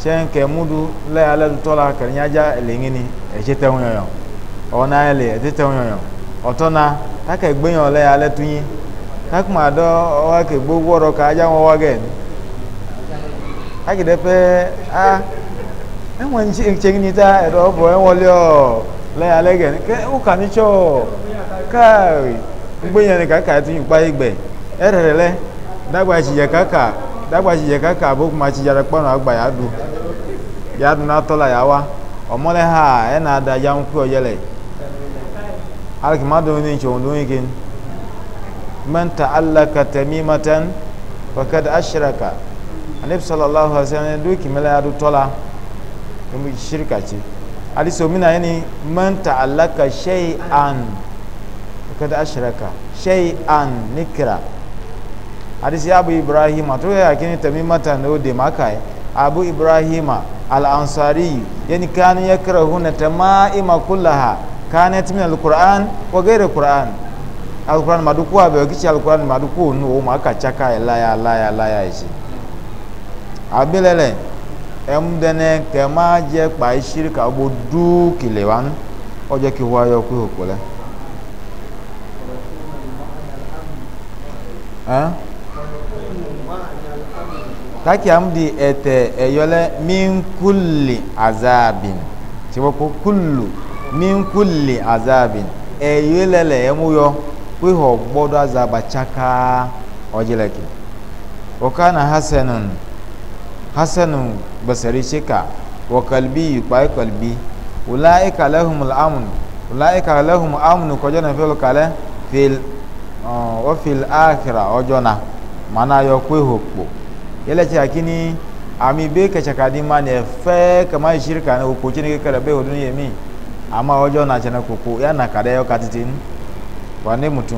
tse nke mudu le ale dutɔ la kɛlɛnya dza le ŋi ni etse te ŋu yɔyɔ ɔna yɛ le ete te ŋu yɔyɔ ɔtɔna take gbenyɔ le ale tu nyi takuma dɔ ɔwa ke gbogbo ɔdɔ ka adza ŋɔ wa gɛ agi ɖe ƒe a eŋɔ ŋtsi ni ta ɛdɔ bɔ eŋɔli ɔ le gɛ ke wo tsɔ kai gbenyɔ ne kaka tu nyi kpa yi gbɛ ɛrɛ lɛ dagba dza kaka. dagba tsi dze kaka abo kuma tsi dza ɖe kpɔnɔ agba ya ɖu ya ɖu na tɔ la ya wa ɔmɔ lɛ hã ɛna da ya ŋku yɔ yɛ lɛ aliki ma do ne tso do ne ken mɛnta ala kata mi ma tɛn kɔkɛ da asiraka anabi sallallahu alaihi wa sallam do kìmɛ la ya do tɔ la emu sirika tsi aliso mina yɛ ni mɛnta ala ka sɛyi an kɔkɛ da asiraka sɛyi an ne kira hadisi abu ibrahima to ya kini tamimata no de makai abu ibrahima al ansari yani kanu yakrahuna tamaima kullaha kanat min al qur'an wa ghayr al qur'an al qur'an maduku abe kichi al qur'an maduku nu o maka chaka la ya la ya la ya ishi abilele emdene kema je pa shirka bo du kilewan oje ki wa yo ku hokole eh taki amdi ete eyole min kulli azabin tiwo ko kullu min kulli azabin eyolele emuyo kwe ho gbodo azaba chaka ojeleki wakana hasanun hasanun basari shika wa kalbi pai kalbi ulaika lahum al-amn ulaika lahum amnu kojona fil kale fil uh, wa fil akhirah ojona mana yo kwe hokpo yẹlẹtsi akini ami be kẹtsaka di ma nẹ kama shirika ne koko tsi ne kekele be wodun yemi ama ọjọ na tsi ne koko ya na ka ɖe yɔ katiti nu wa ne mutu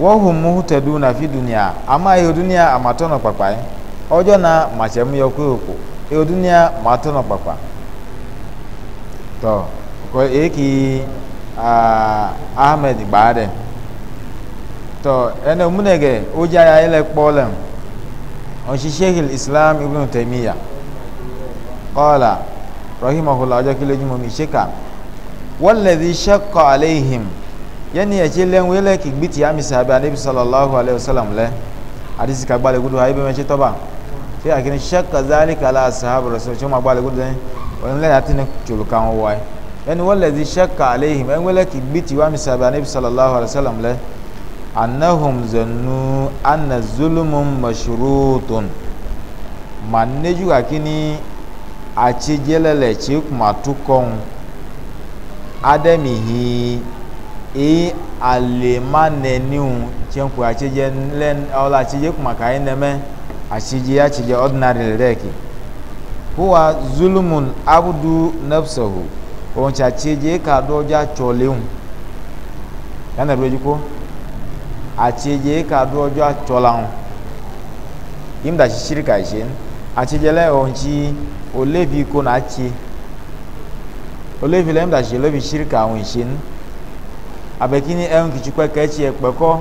wɔhu mu tɛ na fi dunia ama eyo dunia ama tɔ nɔ kpakpa yi ọjọ na ma tsi mu yɔ ko yoko eyo dunia ma tɔ nɔ kpakpa tɔ kɔ eki aa ahmed gbaa ɖe tɔ ene mu nege wodza ya ele ọ̀sí sheikh islam ibn taimiya kọ́ọ̀là rahimahullah ọjọ́ kílẹ̀ jùmọ̀ mi ṣíkà wọ́n lẹ́dí ṣẹ́kọ̀ aleihim yẹ́nì ẹ̀kí lẹ́hìn wílẹ̀ kì gbìtì àmì sàbẹ̀ anabi sallallahu alayhi wa sallam lẹ́ àdìsí ká gbalẹ̀ gudu ayé bẹ́ẹ̀ mẹ́ṣẹ́ tọ́ba fi àkínní ṣẹ́kọ̀ záàlì kàlà sàhábà rẹ̀ sọ̀rọ̀ wọ́n máa gbalẹ̀ gudu lẹ́yìn wọ́n lẹ́yìn ní tòlù káwọn wáyé yẹ́nì wọ́n lẹ́dí ṣẹ́kọ̀ aleihim ẹ̀ wílẹ̀ kì gbìtì àmì sàbẹ̀ anabi sallallahu alayhi wa sallam lẹ́ annahum zannu anna zulumun mashrutun manne juga kini aci jelele ci kuma tukon adamihi e alema neniu cin ku aci je len ola aci je kuma kai neme aci je aci je ordinary reki huwa zulumun abdu nafsahu on cha ci je ka doja choleu yana ruwe ko atsɛdze ka do ɔdzɔ atsɔ la ŋu yim da tsitsiri ka dze nu atsɛdze lɛ ɔntsi olevi ko na tsi olevi lɛ yim da tsi olevi tsiri ka ŋu dze nu abekini ɛŋu kitsi kpɛ ka etsi ɛkpɛ kɔ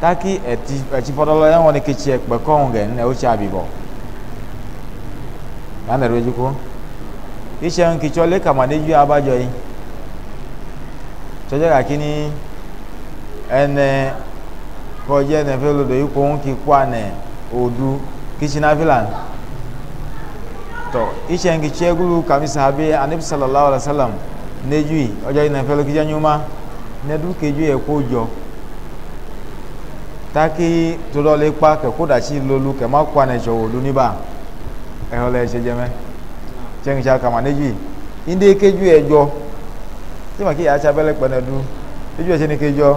taki ɛti ɛtsi fɔdɔ lɛ ɛŋu ni kitsi ɛkpɛ kɔ ŋu gɛ nu e ɛwɔ tsi abibɔ yana ɛrɛ dziko itse ŋu kitsi ɔlɛ kama ne dzi abadzɔ yi tsɔdze gake ni ene kɔdze ne fɛ lodo ikpo ŋu ki kua ne odu kitsina fi la tɔ itse ŋu kitse kamisa habi anabi sallallahu sallam nedui ɔdze yi ne fɛ lo kitse nyuma nedu kedui ɛkó dzɔ taki to dɔ le kpa kɛkó datsi lolu kɛmɛ kua ne dzɔ odu niba ɛyɔ le ɛsɛ dzɛmɛ tse ŋu kitse kama nedui inde kedui ɛdzɔ tí ma ki yàtsa bɛ kpɛ ne du ɛsɛ ne kedzɔ.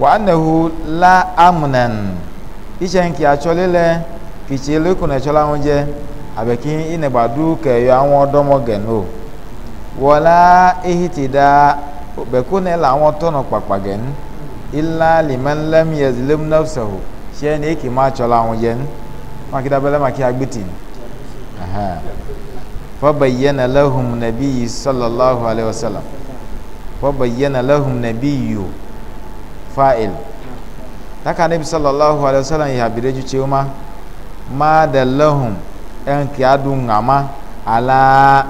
wàhánahu la amunan iṣẹ́ nkì atsọ́lélẹ̀ kìtsì lẹ́kùn ẹ̀tsọ́lá wọn jẹ́ àbẹ̀kí ìnẹ̀gbàdú kẹ̀yọ àwọn ọ̀dọ́mọgẹ̀ nù wọlá ehitida bẹ̀kún ẹ̀ làwọn tọ̀nà kpàkpàgẹ̀ nù ilá lìmẹ́lẹ́mì ẹ̀zìlẹ́mùnẹ́fṣẹ̀hù ṣé ẹni èkì má tsọ́lá wọn jẹ́ nù mákìdá bẹ́lẹ́ mákì agbẹ́tì fọ́bẹ̀yẹ́nà lẹ́hùn nàbíyì sọ́lọ́láhùn alẹ́ wọ́sálàm fọ́bẹ̀yẹ́nà lẹ́hùn nàbíyì yòó fa'il taka nabi sallallahu alaihi wasallam ya bireju cewa ma da lahum yan kiyadu ngama ala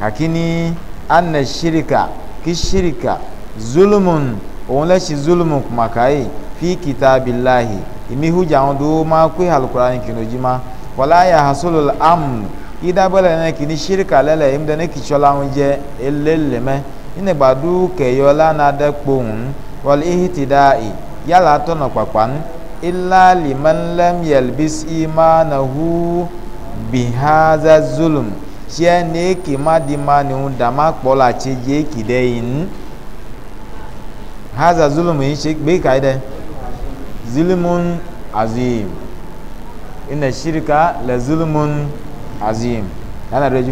kakini anna shirika ki shirika zulmun òun lẹ́sìn zulmun kumakai fi kitabillahi imi huja àwọn dúró máa kó alukurani kìnnìjì ma wàlá ya hasolo amu idabẹ́lẹ̀ náà kìíní shirika lẹ́lẹ̀ imdẹ́ni kìtsọ́lá ń jẹ́ elélẹ́mẹ́ ìnìgbàdú kẹyọ lánàá dẹ́kpọ̀ ń wal ihtida'i yala to na kpakpan illa liman lam yalbis imanahu bihaza zulum ṣe ne ki ma di ma ni un dama kpɔla tse je ki de yin haza zulum yi ṣe gbe ka yi dɛ azim ina shirika la zulumun azim yana dɔ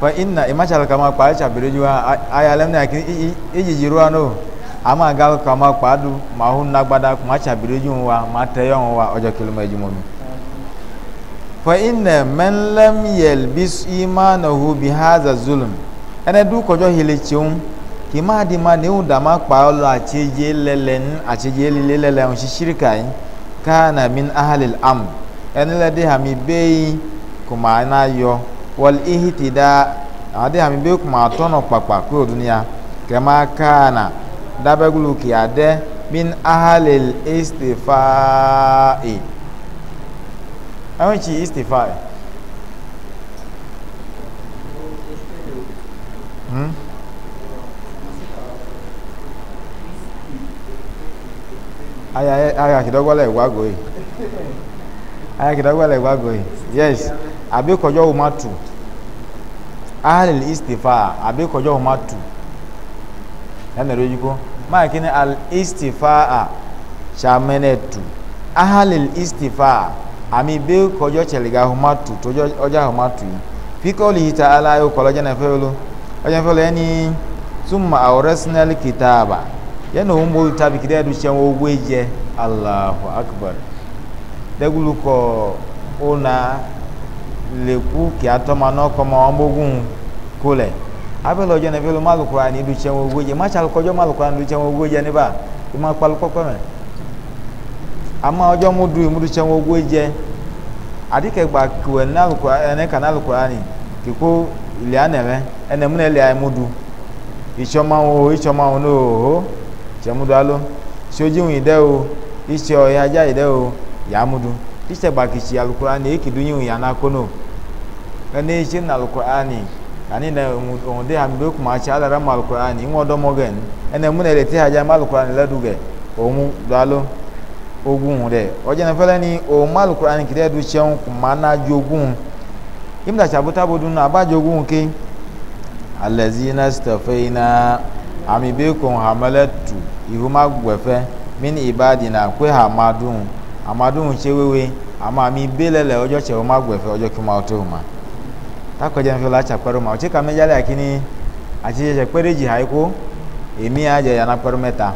fa inna imachal kama kwa cha birujua aya lemne akini iji jirua no ama ga kama kwa du ma hu nagbada kuma cha birujun wa ma teyon wa ojo kiloma ejumo mi fa inna man lam yalbis imanahu bi hadha zulm ene du kojo hilichum ki di ma ne unda ma pa olo acheje lelen acheje lile lelen shirika kana min ahli al-amr ene le de hami bei kuma na yo wal ihtida ade ami be kuma atono kpakpa ko dunia kama kana dabagulu ki ade min ahalil istifai awon chi istifai hmm aya aya kidogwale igwago yi aya kidogwale igwago yi yes abi kojo umatu ahlil istifa àbí kọjọ́ ọ̀hún máa tù lẹ́nu ẹ̀rọ yìí kó al istifa a tù ahlil istifa àmì bí kọjọ́ ṣẹlẹ̀gà ọ̀hún máa tù tọjọ́ ọjà ọ̀hún máa tù ta aláyọ̀ kọ́lọ́ jẹ́ nàfẹ́ le ku kí atọ́ma náà kọ́mọ ọmọgún kó lẹ̀ abẹ́lẹ̀ ọjọ́ náà fi lọ́ málùkùrà ní ìlú tiẹ̀wọ̀n owó jẹ máṣe alùkọ́jọ́ málùkùrà ní ìlú tiẹ̀wọ̀n owó jẹ níbà kí máa palu kọ́kọ́ mẹ́ àmọ́ ọjọ́ mú du ìmúdu tiẹ̀wọ̀n owó jẹ àdìkẹ́gbà kìwẹ̀ ní kàná alùkùrà ní kíkó ilẹ̀ anẹ̀mẹ́ ẹnẹ̀múnẹ̀ ilẹ̀ àìmúdu ìtsọ́máwo ìtsọ́máwo ní òhó tiẹ̀múdu alo sojúwìn ìdẹ́ o ìtsọ̀ ìyájá ìdẹ́ o yàmúdu ìtsẹ̀gbà kìtsì alùkùrà ní èkìdúnyìn ìyànà kónò na ene je na alqur'ani ani na onde ha mbe kuma cha ala ram alqur'ani nwa do mogen ene mụ na leti ha ja mal alqur'ani la duge omu dalo ogun de oje na fele ni o mal alqur'ani kide du cheun kuma na jogun imda nke bodun na ba jogun ke allazina stafaina amibekun hamalatu ihuma gwefe min na kwe ha hamadun amadun chewewe ama mi belele ojo chewo magwefe ojo kuma otohuma takɔdze nufi la tsa kpe ɖo ma otsi kame dza le akini atsi dzedze kpe ɖe dzi ha yi ko emi ya dze yana kpe ɖo mɛ ta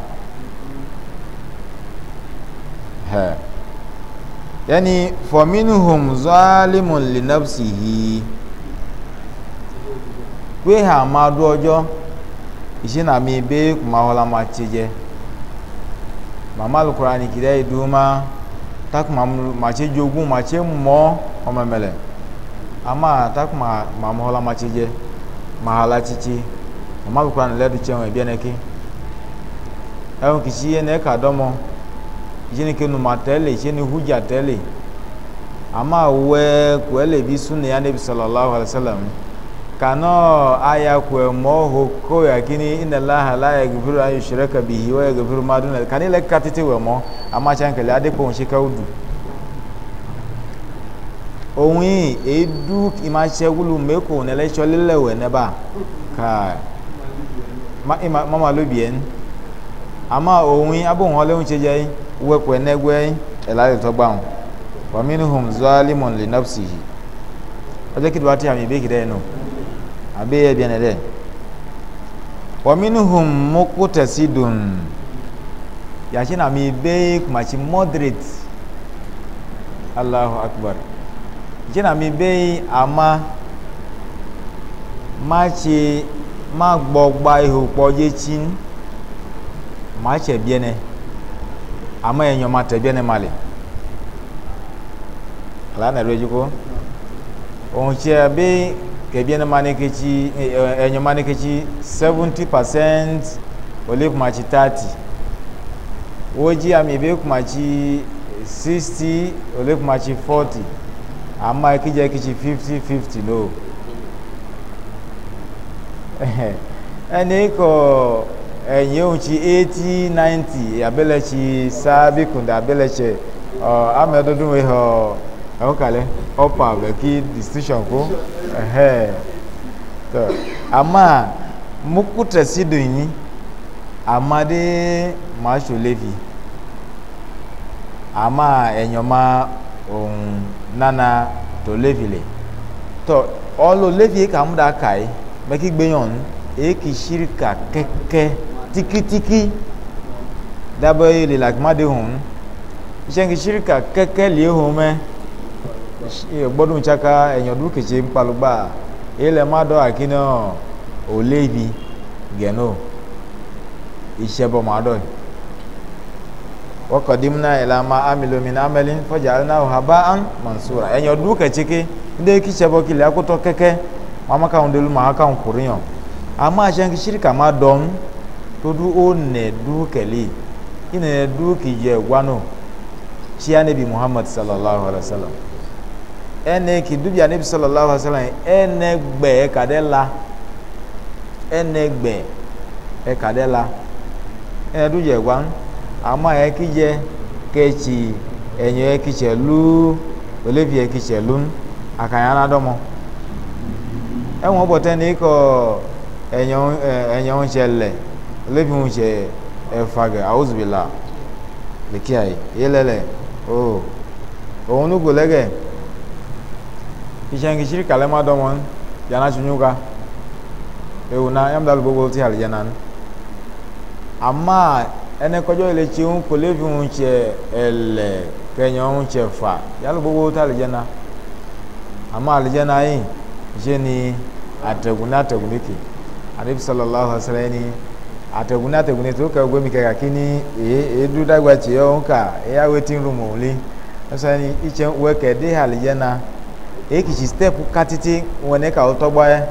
hɛ yanni fɔminuhum zɔalimu linɔpsihi kpe ha ma do ɔdzɔ ìṣínà mi bẹ kùmàwọlá ma tse jẹ màmá alukura nìkìdá yìí dùn takùmà ma jogún ma mọ ọmọ mẹlẹ ama taku ma ma mola machije mahala chichi ama kukura na ledu chenwe bieneki ewu kichi ye ne kadomo jini kinu matele jini huja tele ama we kwele bi sunne ya nabi sallallahu alaihi wasallam kano aya kwe moho ko yakini inna allaha la yaghfiru an yushraka bihi wa yaghfiru ma duna kanile katiti we mo ama chankele ade ko shikaudu Onyin eyi du i mati wulu meko neletio lele wee neva ka mamalubien i ma mama lubien ama owin abo nwale nwunyetsedze wepụ enegbe enye eladet ogbam wọminhụm zọa limọn dị nọfsi adze kedu atị ami be hi de enu abe ebienede wọminhụm mụkụ tesi dụụ ya si n'amị be kumachi akbar. jina mi bei ama ma tse ma gbɔgba ihò kpɔdze tsin ma tse biene ama enyo ma tɛ biene ma li ala na ɛlò edziko òun tse be kebiene ma ne ketsi enyo ma ne ketsi seventy percent ole kuma tsi thirty wo dzi ami be kuma tsi sixty ole kuma tsi forty. ama eki jẹ fifty fifty no ẹni kọ ẹyin ohun ṣe eighty ninety abẹ́lẹ̀ ṣe sáábì kùndà abẹ́lẹ̀ ṣe ọ amẹ́dọ́dún ọ ẹ̀hún kalẹ̀ ọ̀pọ̀ àbẹ̀ kí distinction kú tọ́ àmà mukutẹ̀sí dùn yín àmàdé màá ṣòlẹ́fì àmà ẹ̀yàn máa. ohun nana tó lévi le tɔ ɔlò lévi yìí kàmú da ka yi mɛ kí gbéyàn nu èyí kì í ṣírí ka kɛkɛ tikitiki dabɔ yìí lè làgbọ́n de hùn nu iṣẹ́ kì í ṣírí lè hùn mɛ gbɔdun tsaka ɛnyɔ dúró kìtsi ŋkpalugba èyí lè má dɔ àkínní ɔ òlévi gẹ̀nó ìṣẹ́bọ̀ má dọ̀ yìí. وقدمنا إلى ما amilu من عمل فجعلناه هباء منصورا يعني يدوك تشيكي ndé kí sẹ́bọ̀ kí lè akótó kẹ́kẹ́ wọn máa káwọn délùmọ̀ àwọn káwọn kò ríyàn àmọ́ àṣẹ́nkì ṣíríkà máa dọ̀n tó dú ó nẹ̀ dú kẹ̀lé kí nẹ̀ je kì í yẹ anabi muhammad sallallahu alaihi wasallam sallam ẹnẹ kì í anabi sallallahu alaihi wasallam sallam ẹnẹ gbẹ ẹ̀kadẹ́ la ẹnẹ gbẹ ẹ̀kadẹ́ la ẹnẹ dú ama yɛ kidze kɛtsi ɛnyɛ yɛ kidze luu olevi yɛ kidze lun akanya na dɔmɔ ɛŋɔ bɔtɛ ni kɔ ɛnyɛ ɛnyɛ ŋutsɛ lɛ olevi ŋutsɛ ɛfa gɛ awuzubila lekia yi oh, yɛlɛ lɛ o òun nugo lɛ gɛ kidze ŋkitsiri kalɛ ma dɔmɔ yana tsi nyuga ewu na yamudalu gbogbo ti alijana ama. ene kojo ile tsi ŋu ko levi ŋu tse ele kenya ŋu tse fa yalo gbogbo ta alidzana ama alidzana yi zeni ategu na ategu ne ke anabi sallallahu alaihi wa sallam ni ategu na ategu ne to ka gbe mi ka kaki ni ee edu dagba tse yɔ ŋuka eya wetin room wòle ɛsɛ ni itse wɛkɛ de alidzana ekitsi step katiti wɔne ka wotɔgba yɛ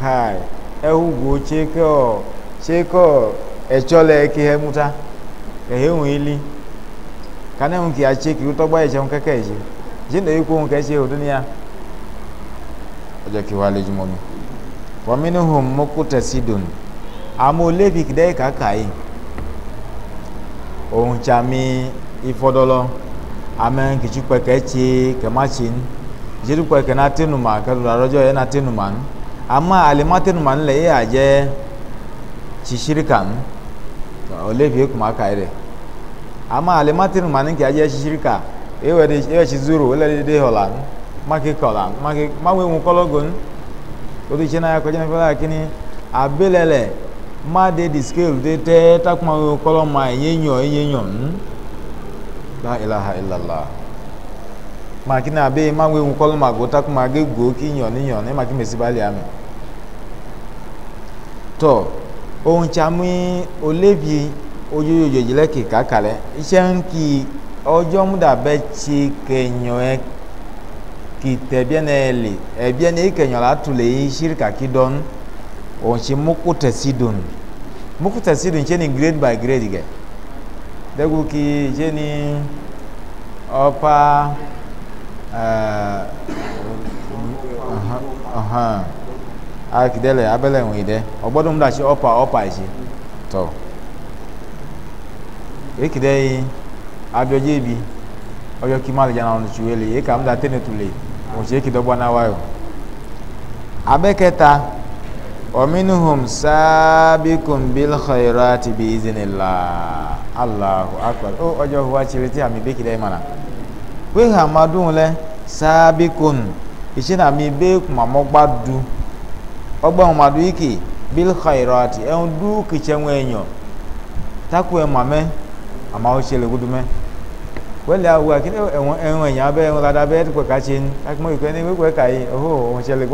kai ewu go tse ke ɔ tse etsɔlɛ kehe muta kehe ŋu ili kane ŋu kia tse ki wotɔgba etse ŋu keke etse tse ne yi ko ŋu ketse o dunia ɔdze ki wa le dzumɔ mi wɔmini hom moko tɛsi don amewo levi ɖe kaka yi ohun tsami ifɔdɔlɔ ame kitsu kpɛkɛ tse kɛma tse nu jesu kpɛkɛ na tenu ma kɛdo la rɔdzɔ yɛ na tenu ma nu ama alima tenu ma nu le ye adze tsisirika nu. olevie kumaka ire ama alimatin mani nke aje shirika ewe ewe chizuru wele de holan maki kolan maki mawe mu kologun odi chena ya kojena fela kini abelele ma de di scale de te we ma yenyo yenyo la ilaha illallah ma kini abe ma we mu ma go takuma ge go kinyo niyo ma ki mesibali ami ohun tí a mú olébi ojojojoji lẹ kìka kalẹ iṣẹ ń kí ọjọ múdàbẹ tsi kẹnyọ ẹ kìtẹ bíẹ nà lè la siri kàkí ohun tí mokò tẹ̀sí mokò tẹ̀sí ni grade by grade gẹ dẹ́gu kí ni ọ̀pá akidele abele ŋun ɖe ɔgbɔdo mu ɖasi ɔpa ɔpa dzi tɔ eki ɖe yi abiodze bi ɔyɔ kima le dzana ɔnutsu ele eka mu da tene tu le ŋutsu eki dɔgba na wa yɔ abe kɛta ɔminu hom saabikun bil xɔyɔrɔ ti bi izini la alahu o ɔjɔ wa tsiri ti ami beki ɖe mana pe hama dun lɛ saabikun ìṣe na mi bɛ kumamɔgba du. ọgbà wọn madu ike bil khairati ẹn e du kìtsẹ wọn ẹnyọ taku ẹ e mamẹ amawo tse le gudu mẹ wẹlẹ awo akele ẹwọn ẹwọn ẹnyà bẹ ẹwọn lada bẹ ẹtukọ katsi nu akumọ ikọ ẹni wẹkọ ẹka yi oho wọn tse le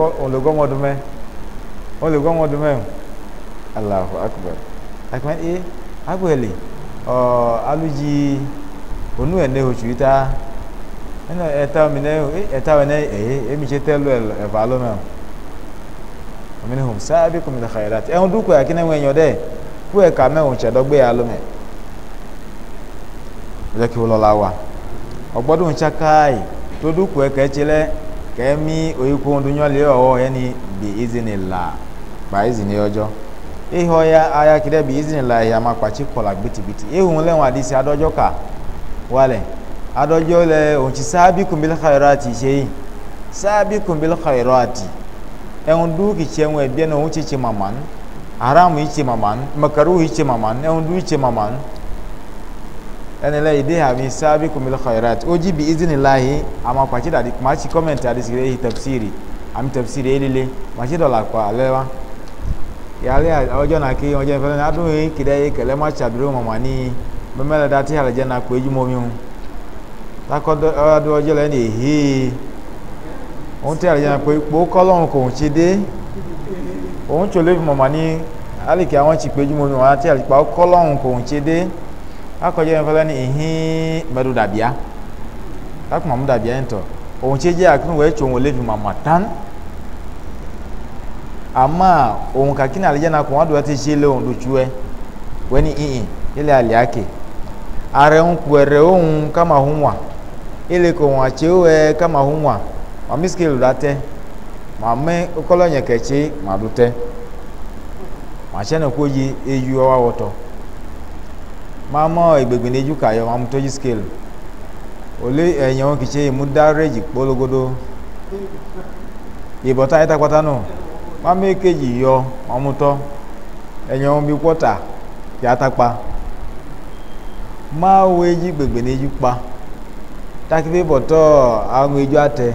ta ẹnna ẹta mi nẹ ẹta e, mi nẹ ẹyẹ emi minhum sabiqun bil khairat ẹ̀hún dúkọ̀ yà kí ni wọ́n yàn dẹ́ kú ẹ̀ka mẹ́wọ̀n tsẹ̀dọ́gbé yà lómẹ̀ ọjọ́ kí wọ́n lọ́la wa ọgbọ́dún tsakaì tó dúkọ̀ ẹ̀ka ẹ̀tsẹ̀ lẹ́ kẹ́mi oyikun dunyọ́lé ọ̀wọ́ yẹni bi izinila gba izini ọjọ́ ihọ́ ya ayakidẹ́ bi izinila yà máa kpàtsi kọ̀la gbìtìgbìtì ihun lẹ́wọ̀n àdìsí adọ́jọ́ ká wale, adọ́jọ́ lẹ́ òun ti sabiqun bil khairati ṣe yìí sabiqun bil khairati ɛŋun du kicau, ŋun ebie na ŋun tsitsi maman haram itse maman makaru itse maman ɛŋun du itse maman ɛni lɛ ide hami saabi kumil khairat oji bi izini ama kpatsi e da di kuma tsi kɔmɛnti adi sigi eyi tafsiri ami tafsiri elile matsi dɔ la kpa alɛ wa yali ɔjɔ na ke ɔjɔ fɛnɛ adu yi kida mamani mɛmɛ lɛ dati alɛ dze na kpɛ edumɔ mi o takɔ òun tẹ àlejò pé pò kọ́lọ́run kò ń ṣe dé òun tò lóbi mọ̀mọ́ ní alìkí àwọn ti péjú mọ́ mi wọ́n àti àlìpà kọ́lọ́run kò ṣe dé akọ̀jọ́ yẹn fẹ́lẹ́ ní ìhín mẹ́rin dàbíà lákùn mọ̀mú dàbíà yẹn tọ̀ òun jẹ́ tí òun lóbi mọ̀mọ́ tán àmọ́ òun náà kò wọ́n dùn ti ṣe lé òun lójú ẹ ní ilẹ̀ mami skill da tɛ mame okɔlɔ nyɛ kɛtse ma do tɛ matsɛ ne ko yi eyu wa wɔtɔ mamɔ egbegbe ne edu ka yɔ mamu tɔdzi skill ole ɛnyɛwo kitse yi mu da regi kpologodo yibɔta yɛ takpata no mame kedzi yɔ mamu tɔ ɛnyɛwo bi kɔta yatakpa mawo edzi gbegbe ne edu kpa takibi aŋɔ edu atɛ.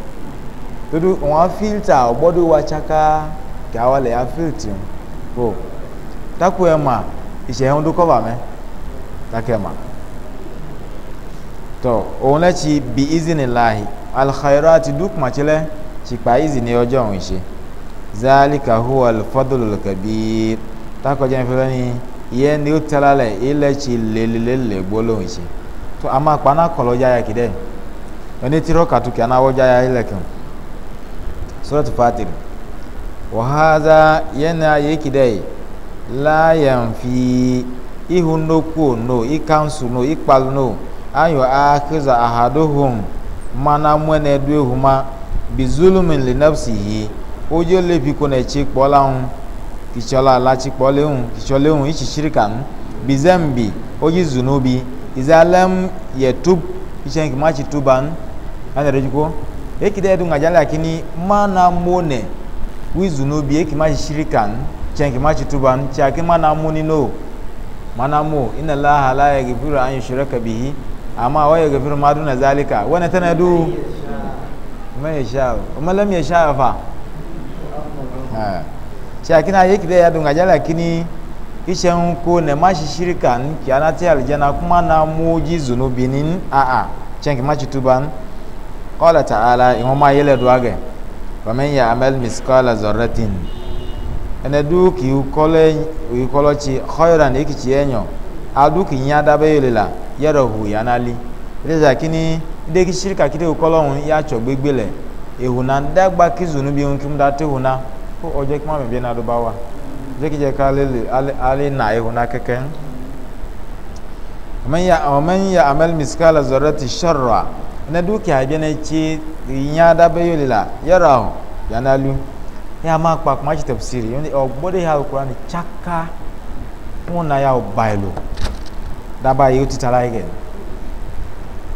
todo wọn filta ọgbọdọ wa tsaka gawa le ya filti o oh. taku ẹ ma ìṣe ẹ ń do kọba mẹ taku ẹ ma tọ òun lẹ tsi bi izini lahi alihayira ti du kumatsẹlẹ tsikpa izini ọjọ òun ṣe zaali kahu alifadolo kabi takọjá ní fẹlẹ ni iye ni ó tẹ́lá lẹ ilẹ̀ tsi lelelele gbólóhùn ṣe tó a máa kpa ná kọlọ́jà yà kí dẹ ẹni tí rọ́ọ̀kà tó kí suratu fatir wa hadha yana yake dai la yanfi ihu nnokwu no ikansu no ikpalu no ayo akiza ahaduhum mana mwe na edu ehu ma bizulumin li nafsihi ojo lefi ko na echi kpola hun kichola alachi kpole hun kichole hun ichi shirika hun bizambi oji zunubi izalam yetub ichenki machi tuban ana rejiko eki dɛ dunga jala kini mana mone wizu nobi eki ma shirikan cenki ma chituban chaki mana muni no mana mu inna allaha la yaghfiru an yushraka bihi amma wa yaghfiru ma duna zalika wana tana du ma yasha amma lam yasha fa ha chaki na yeki dɛ dunga jala kini kishen ko ne ma shirikan kiana ti aljana kuma na mu jizu nobinin a a cenki ma chituban kọ́lá ala ìwọ́n máa yẹlẹ̀ do agẹ̀ fàmẹ́yà amẹ́lì mìsíkọ́lá zọ̀rẹ́tìn ẹnẹ dúkì ìkọlẹ̀ ìkọlọ́tsi xọ́yọ̀rọ̀ ní kìtì ẹ̀yọ̀ adúkì yín adábẹ́ yẹlẹ̀ la yẹ̀rọ̀ hù yà nálí ẹ̀dẹ́sà kìíní ẹ̀dẹ́kì sírìkà kìíní ìkọlọ́hún yà tsọ̀ gbégbé lẹ̀ ehuna dagba kizunu bi nkim da te huna ko oje kuma me bi na do je ki je ka le ale na ehuna ya man ya amal miskala zarrati sharra na dukiya bi na ce nya da bayo lila yara ya na lu ya ma pa kuma ci tafsiri yoni o gbode ya alquran chaka na ya o bailo da ba yi titala igen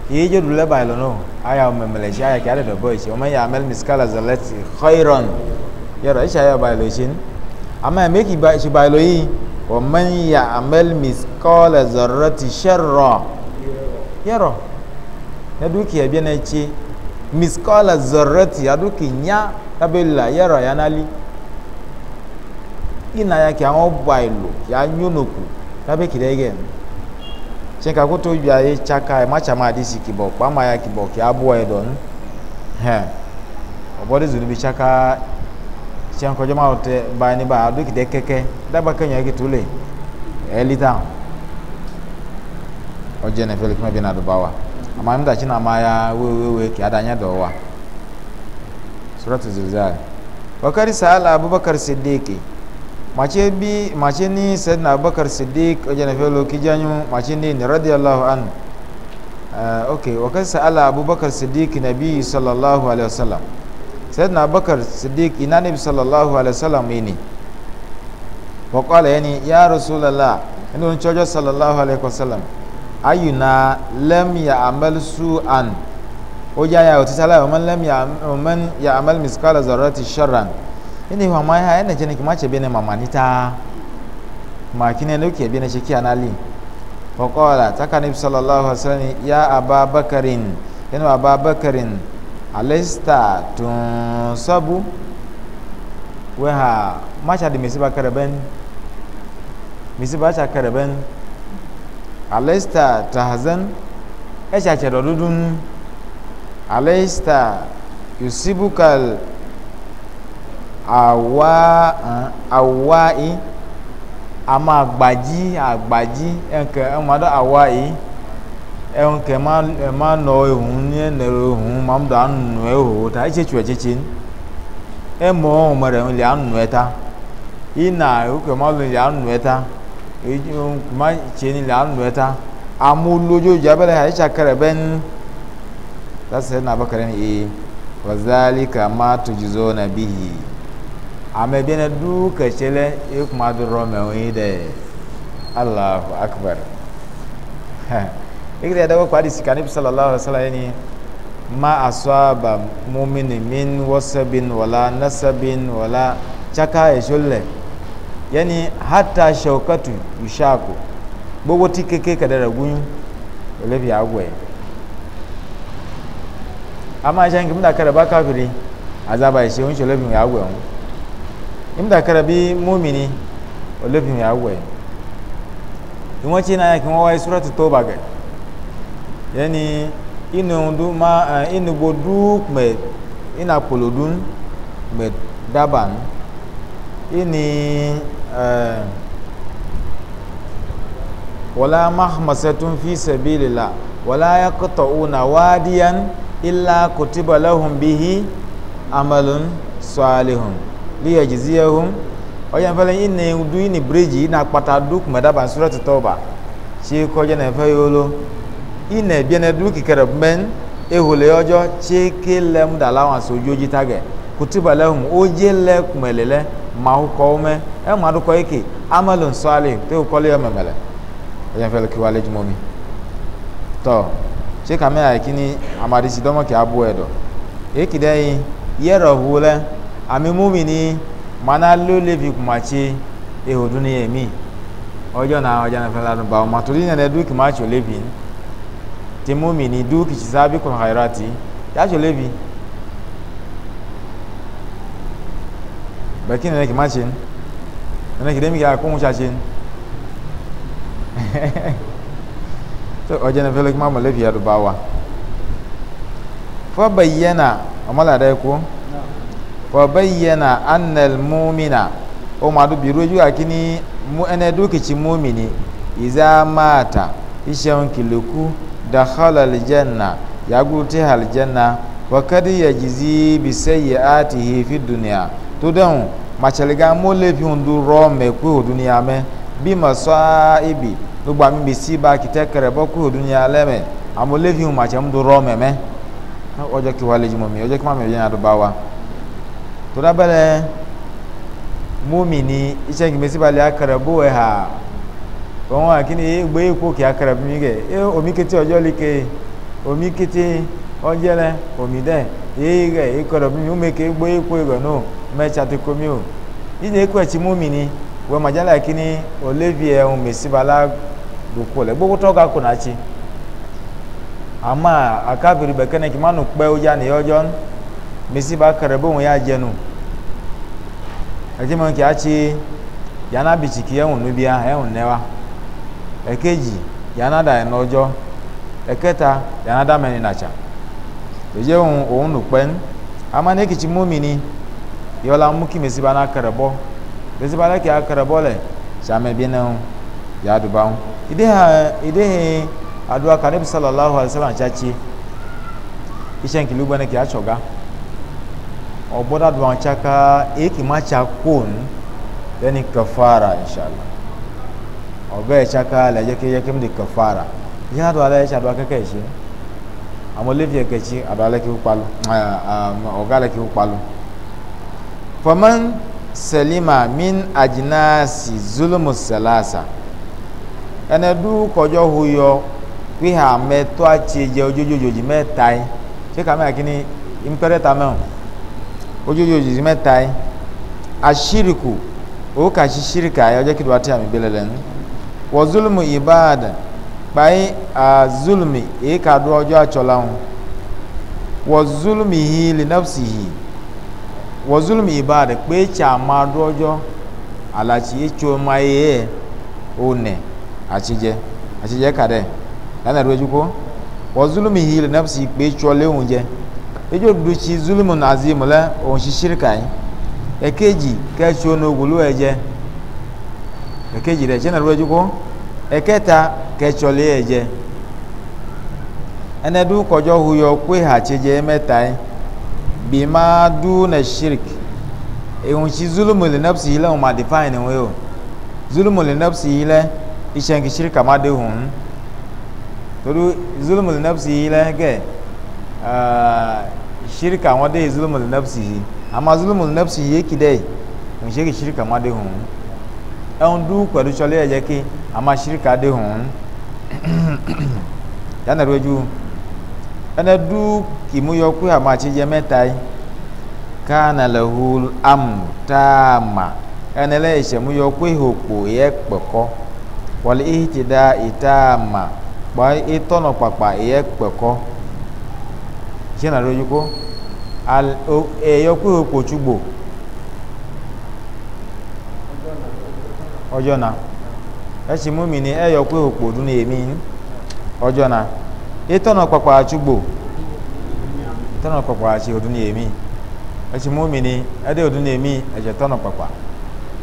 yi je dule bailo no aya o memele shi aya kare da boy shi o ma ya amal miskala zalati khairan yara shi aya bailo shin amma me ki ba shi bailo yi wa man ya amal miskala zarrati sharra yara yaduki ya biyan ce miskala zarrati yaduki nya tabela yara yanali ina ya ki awon bailo ya nyunoku tabe ki dege se ka ko ye chaka e macha ma disi ki bo ma ya ki bo ki abo e don he obodi zuni bi chaka se an ote ba ni ba aduki de daba kenya ki tule elita ojene felix ma bi ama nda chi na maya we we we ki adanya do wa zilzal wakari sala abubakar siddiqi mace bi mace ni sayyidina abubakar siddiq o jana felo ki janyu mace ni ni radiyallahu anhu uh, okay wakari sala abubakar siddiq nabi sallallahu alaihi wasallam sayyidina abubakar siddiq ina nabi sallallahu alaihi wasallam yini wa qala yani ya rasulullah inu chojo sallallahu alaihi wasallam ayuna lem ya amal su an o ja ya oti sala man lem ya man ya amal miskala zarrati sharran ini wa mai ha ene jeni kuma ce bene mamanita ma kine ne ke bene shiki anali wa qala takani sallallahu alaihi wasallam ya ababakarin ina ababakarin alista tun sabu weha macha di misiba karaben misiba cha karaben alista tahzan ɛtsatsɛdɔ dudun alista yusibukal awa awa eh, awai ama agbadzi agbadzi ɛnkɛ ɛma awa awai ɛnkɛ ma ɛma nɔ ehun ne nɛrɛ ehun ma do anu eho ta etsetsu etsetse ɛmɔ ɔmɔ rɛ li anu ɛta ina ekɛ ma do li anu ɛta. kuma tiɲɛni la an nɔɛ ta amu lojo jabɛlɛ ayisa kɛrɛ bɛ n ta sɛ na ba kɛrɛ ni ee wazali ka ma tujizɔ na bihi ame bi ne du kɛse lɛ e kuma dɔrɔn mɛ o ye dɛ alahu akbar hɛ ekele yɛ dɛ ko kpa di sika sallallahu alaihi wa ni. ma asaba mumini min wasabin wala nasabin wala caka ya shulle yani hata shaukatu yushaku gbogbo tí kéke kẹdẹrẹ olebi olóbi àgọ ẹ a máa ṣe nkìmí dàkẹrẹ azaba ìṣe oúnjẹ olóbi àgọ ẹhún nkìmí dàkẹrẹ bí múmini olóbi àgọ ẹ ìwọ́n tí náà kí wọ́n wáyé súrọ́tì tó bàgẹ̀ yẹni inú gbodú mẹ inú ini eh, wala mahmasatun fi sabilillah wala yaqta'una wadiyan illa kutiba lahum bihi amalun salihun liyajziyahum oyan fele ini du ini bridge ina pata duk madaba surat toba chi ko je na fe yolo ina bi na duk kere men ehole ojo chi ke lem dalawan sojoji tage kutiba lahum oje kumelele mawu kɔwo mɛ ɛma do kɔ yi ke amelo nsɔale te wò kɔle ɛmɛmɛ lɛ ɛdiyɛn fɛ leke wale dzimɔ tɔ tse kame ayi kini amadisi dɔmɔ ke abo yɛ dɔ eki dɛ yi yɛrɛ ʋu lɛ ami mumi ni mana lo levi kumatsi eho do ne yɛ mi ɔdzɔ na ɔdzɔ na fɛ la nu ba ɔma tori du kumatsi olevi ti mumi ni du kitsi sa bi kɔn ha ti yatsi olevi. bẹ̀kí nìyẹn kì má ṣe nìyẹn kì dẹ́mi kì akóhun ṣàṣe tó ọjọ́ ní fẹ́lẹ́ kí má mọ̀lẹ́bí àdùbá wa fọ́bẹ̀yẹ́nà ọmọlàdá ẹ̀kú fọ́bẹ̀yẹ́nà anel múmínà ó máa dùn bìrú ojú àkíní ẹnẹ dúkìtì múmìnì ìzá máa ta iṣẹ́ kìlókù dàkọ́lá lìjẹ́nà yàgùtì àlìjẹ́nà wọ́kẹ́dì yẹ jìzí àtìhì fìdùnìyà. tó dẹ̀hùn màtsẹ̀lẹ̀gà mọ́lẹ́bí ń rọ́ mẹ́kú òdúnìyà mẹ́ bí mọ̀sọ́ ibì gbogbo àmì bìsí bá kìtẹ́ kẹrẹ̀ bọ́ kú òdúnìyà lẹ́mẹ̀ àmọ́lẹ́bí ń màtsẹ̀ ń do rọ́ mẹ́mẹ́ ọjọ́ kí wàá lè jùmọ̀ mi ọjọ́ kí màmí ìyẹn bá wa tó dábẹ́lẹ́ ni iṣẹ́ balẹ̀ bó ẹ̀ hà wọn wà gbé kí bí mi kẹ e, omi kété ọjọ́ like omi kété omi e e bí mi ó mẹ́kẹ́ gbé mɛtsatekomio yìnyɛ ekpe etsi mumini wɔ madzala kini olevie ŋu mesiba la le gbogbo ga ko tsi ama akabiri bɛkɛnɛ kì manu kpɛwo dza ni yɔdzɔn mesiba kɛrɛ bo ŋu ya dze nu ɛdini atsi yana yana da ɛnɔdzɔ yana ama yɔ la mu kime si ba na kɛrɛ bɔ bɛsi ba la kɛ a kɛrɛ bɔ lɛ same bi na ŋu ya du ba ŋu ide ha ide he adua ka nebi sallallahu alaihi wasallam tsatsi kisɛ nkili bɔ ne kɛ a tsɔ ga ɔgbɔda du ŋu tsaka eki ma tsa ko nu lɛni kɛfara inshala ɔbɛ tsaka lɛ yɛkɛ yɛkɛ mi de kɛfara yɛ adu alɛ tsa du akɛkɛ tsi amolevi yɛ kɛtsi adu alɛ kɛ wò kpalu ɛɛ eh, ɔga eh, alɛ kɛ kpalu. faman salima min ajinasi zulumu salasa ẹnẹ du kọjọ huyọ fiha mẹtọ atsedzẹ ojojojoji mẹta yi tse kame akini impere tamẹ o ojojojoji mẹta yi asiriku owó kasi sirika yi ọjọ kí ló wá tí a mi gbé lẹlẹ nu wọ zulumu ibadan kpayi a zulumi èyí ka do ọjọ atsọ la ŋu wọ zulumi hi linafsi hi. wọ́zúlùmí ìbàdàn pé tí máa dọ́jọ́ àlàtì ètò ọmọ ayé ẹ̀ àtijẹ́ àtijẹ́ kàdẹ́ lánàá ìdúrójú kó wọ́zúlùmí yìí náà sì pé tí ọ léhùn jẹ dúdú tí mọ́lẹ́ òun ọ̀nà ògùlù kó ọ̀lẹ́ ẹnẹ́dú kọjọ́ pé àtijẹ́ mẹ́ta bima duna shirk ehun shi zulumu li nafsi hile ma define we o zulumu li nafsi hile ishen ki shirka ma de hun toru zulumu nafsi hile ge ah, shirka won de zulumu li nafsi hi ama zulumu li nafsi hi ki de n ṣe ki shirka ma de hun ẹhun du pẹlu sọlẹ ẹjẹ ki ama shirka de hun yanaru eju ene du kìmú yọ kú àmọ àti yẹ mẹta yìí kánà lẹhu amù tààmà ene lẹ ìṣẹmú yọ kú ìhòpò yẹ pẹkọ wọlé ìhìtì ìtààmà gba ìtọ̀nà pàpà yẹ pẹkọ ṣé nà lójú kó ẹyọ ìhòpò túgbò ọjọ́ na ẹ ṣì mú mi ní ẹyọ kú ìhòpò dún ní èmi ọjọ́ na. etɔnɔ kpakpa atsugbo tɔnɔ kpakpa atsi odunu yemi etsi mumini ɛdi odunu yemi ɛtsɛ tɔnɔ kpakpa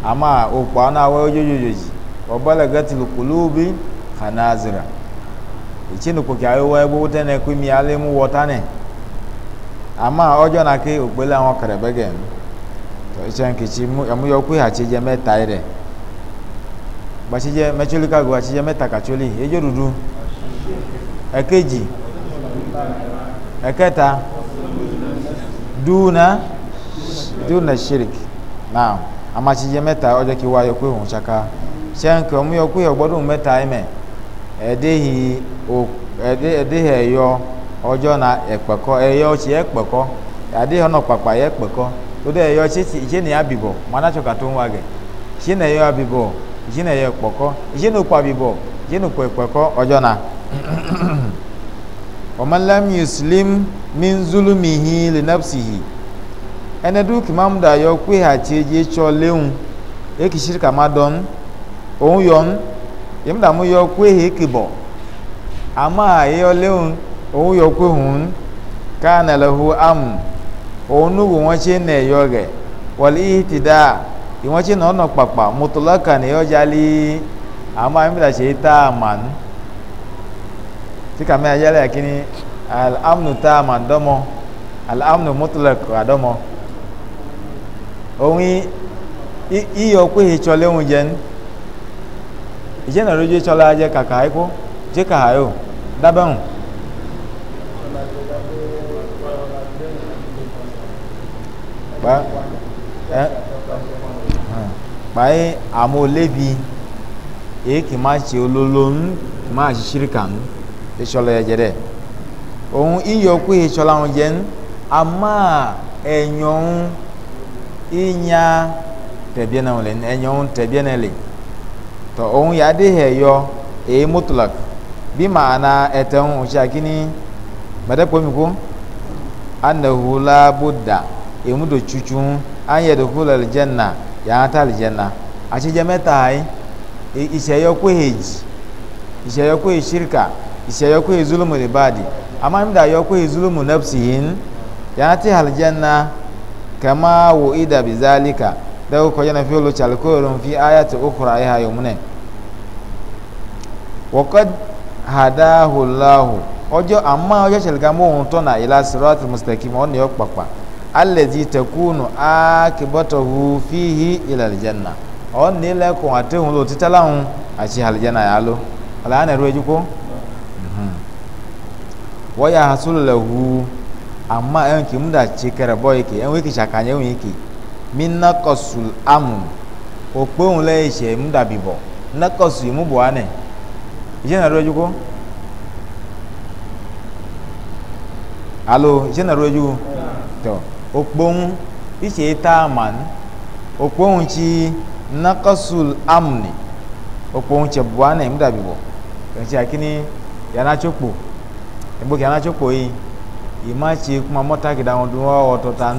ama okpa ɔnawɛ ojojojoji ɔbɛlɛ gɛti lukulubi hanazira etsi nukpoki ayowɛ gbogbo tɛnɛ kumi alɛ mu wɔtanɛ ama ɔdzɔ nake okpele àwọn kɛrɛbɛgɛ tɔtsɛ nketsi mu ɛmuyɔkui hatsi dze mɛta yi rɛ gbatsidze mɛtsoli kago hatsi dze ka katsoli edzo dudu. èkejì ẹ̀kẹta dúnà dúnà shirik náà amatsitsi mẹta ọjọ kí wá yọkú ìhùn tsaka sẹ́ńkì ọmú yọkú yọ gbọ́dọ̀ mẹta yìí mẹ ẹ̀dẹ́hì ẹ̀dẹ́hì na ẹ̀kpẹ̀kọ ẹ̀yọ tsi ẹ̀kpẹ̀kọ ẹ̀dẹ́hì nọ kpakpa yẹ ẹ̀kpẹ̀kọ lóde ẹ̀yọ tsi ìtsẹ́ mọ anatsọ kàtó ń wa na. ومن لم يسلم من ظلمه لنفسه ene duk imam da yo kweghachi ya ịchọ lewu ekishiri ka madon òun yọm yẹm da mo yọ kweghe kibọ e ya ayọ ya òun yọ kwehun ka na lehu am òun nugu wọn ṣe na ẹyọ rẹ wọlé ihe ti da ìwọn ṣe na ya pàpà mọtòlọ́kà ni ọjà lé àmọ́ àmì tí kàmí ayẹlẹ kìíní alamnu tá a mà dọmọ alamnu mutlak àdọmọ òun iyọ pé ìtsọ léwu jẹn ìjẹ́ náà lójú ìtsọ la jẹ kàkà ayikó jẹ kàkà ayò dábẹ́hùn. kpa ɛ eh, kpa yi amewo levi èyí e kì máa tsi olólò ŋu kì máa tsi sírìkà ŋu hetsɔlɔ yɛ dze ɖɛ òun iyɔ kó hetsɔlɔ ahun dze ama enyɔnu inya tɛbiɛ na wòle enyɔnu tɛbiɛ na le tɔ òun ya de hɛ yɔ eye motolak bí maana ɛtɛ ŋu o sia kini mɛtɛ kpɔmi ko anahu la bo da emu do tutu anyɛ do ko le alijanna yaa ta alijanna atsidjɛ mɛta yi isɛ yɔ ko hedzi isɛ yɔ ko ishe yoko hizulumu libadi amma imda yoko hizulumu nafsihin yanati haljanna kama wu'ida bizalika dago ko yana fi lucha alkorun fi ayati ukhra ayha yumne wa qad hadahu allah ojo amma ojo shelgamo ohun to na ila siratul mustaqim on yo papa allazi takunu akibatahu fihi ila aljanna on ni le ko atehun lo titalahun achi aljanna yalo ala na rueju ko wɔyɛ ahasolo le wu ama ɛn kì í mu da tsi kɛrɛ bɔ yi kì ɛn wo yi kì tsaka nyɛ wo yi kì mi na kɔsu amu okpewu lɛ etsɛ mu da bibɔ na kɔsu yi mu bɔ anɛ etsɛ na do edzuko alo etsɛ na do edzuko tɔ okpewu itsɛ yi ta ama nu okpewu tsi na kɔsu amu ni okpewu tsi bɔ anɛ mu da bibɔ etsi akini yana tso kpo egbo kìí anátsó kpó yìí ìmátsi kuma mọ́tà kìdá wọn dùn wọ́n ọ̀tọ̀ tán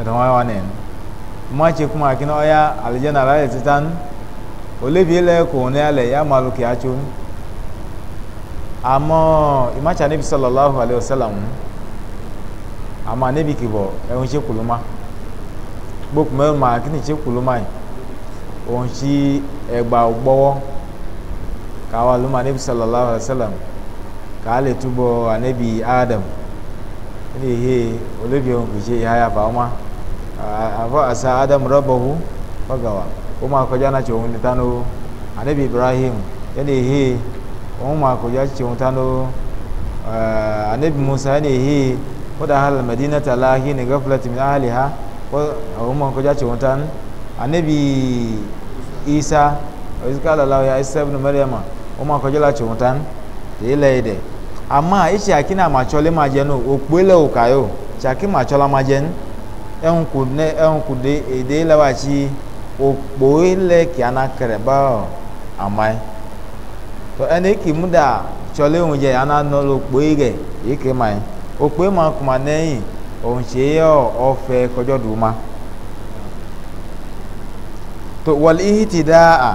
ẹ̀dọ̀ wọn wọn nìyẹn ìmátsi kuma kìnnà ọ̀ya alìjẹ́ nàrà yẹ títán olébi lẹ kò ní alẹ̀ yà máa lu kìí atsó àmọ́ ìmátsi anabi sallallahu alayhi wa sallam àmọ́ anabi kìbọ̀ ẹ̀hún tsi kùlùmá gbókùmẹ́ mà kìnnì tsi kùlùmá yìí òun tsi káwa ló máa níbi sallallahu alayhi wa sallam káà lè túbọ̀ ànábì adam ní ihe olóbi ohun kò ṣe ìhà yàfà ọmọ àfọ adam rọ́bọ̀hu fọ́gàwà ó máa kọjá náà ṣe òun ní tánú ànábì ibrahim ní ihe òun máa kọjá ṣe òun tánú ànábì musa ní ihe ó dà hàlà mẹ́dínà tàlá hí ní gọ́fúlẹ̀tì ní àhàlì ha òun máa kọjá ṣe òun tánú ànábì isa òsìkà lọ́la ya isa ibn mariam ọmọ akọjọ láti òun tán ilẹ̀ èdè àmọ́ ìṣe àkínà àmàtsọ́ lé máa jẹun òpó ilẹ̀ òkà yóò ṣe àkínà àmàtsọ́ la máa jẹun ẹ̀hún kù ní ẹ̀hún kù dé èdè ilẹ̀ wá sí òpó ilẹ̀ kìáná kẹrẹ̀ bá ọ̀ àmọ́ ẹ̀ tó ẹni kì í mú dà tsọ́ lé òun jẹ àná nọ lọ ilẹ̀ yìí kì í máa yẹn òpó ìmọ̀ kùmà nẹ́yìn òun ṣe é ọ̀fẹ́ kọjọ́ dùn ma tó wọlé ìhìtì dáa.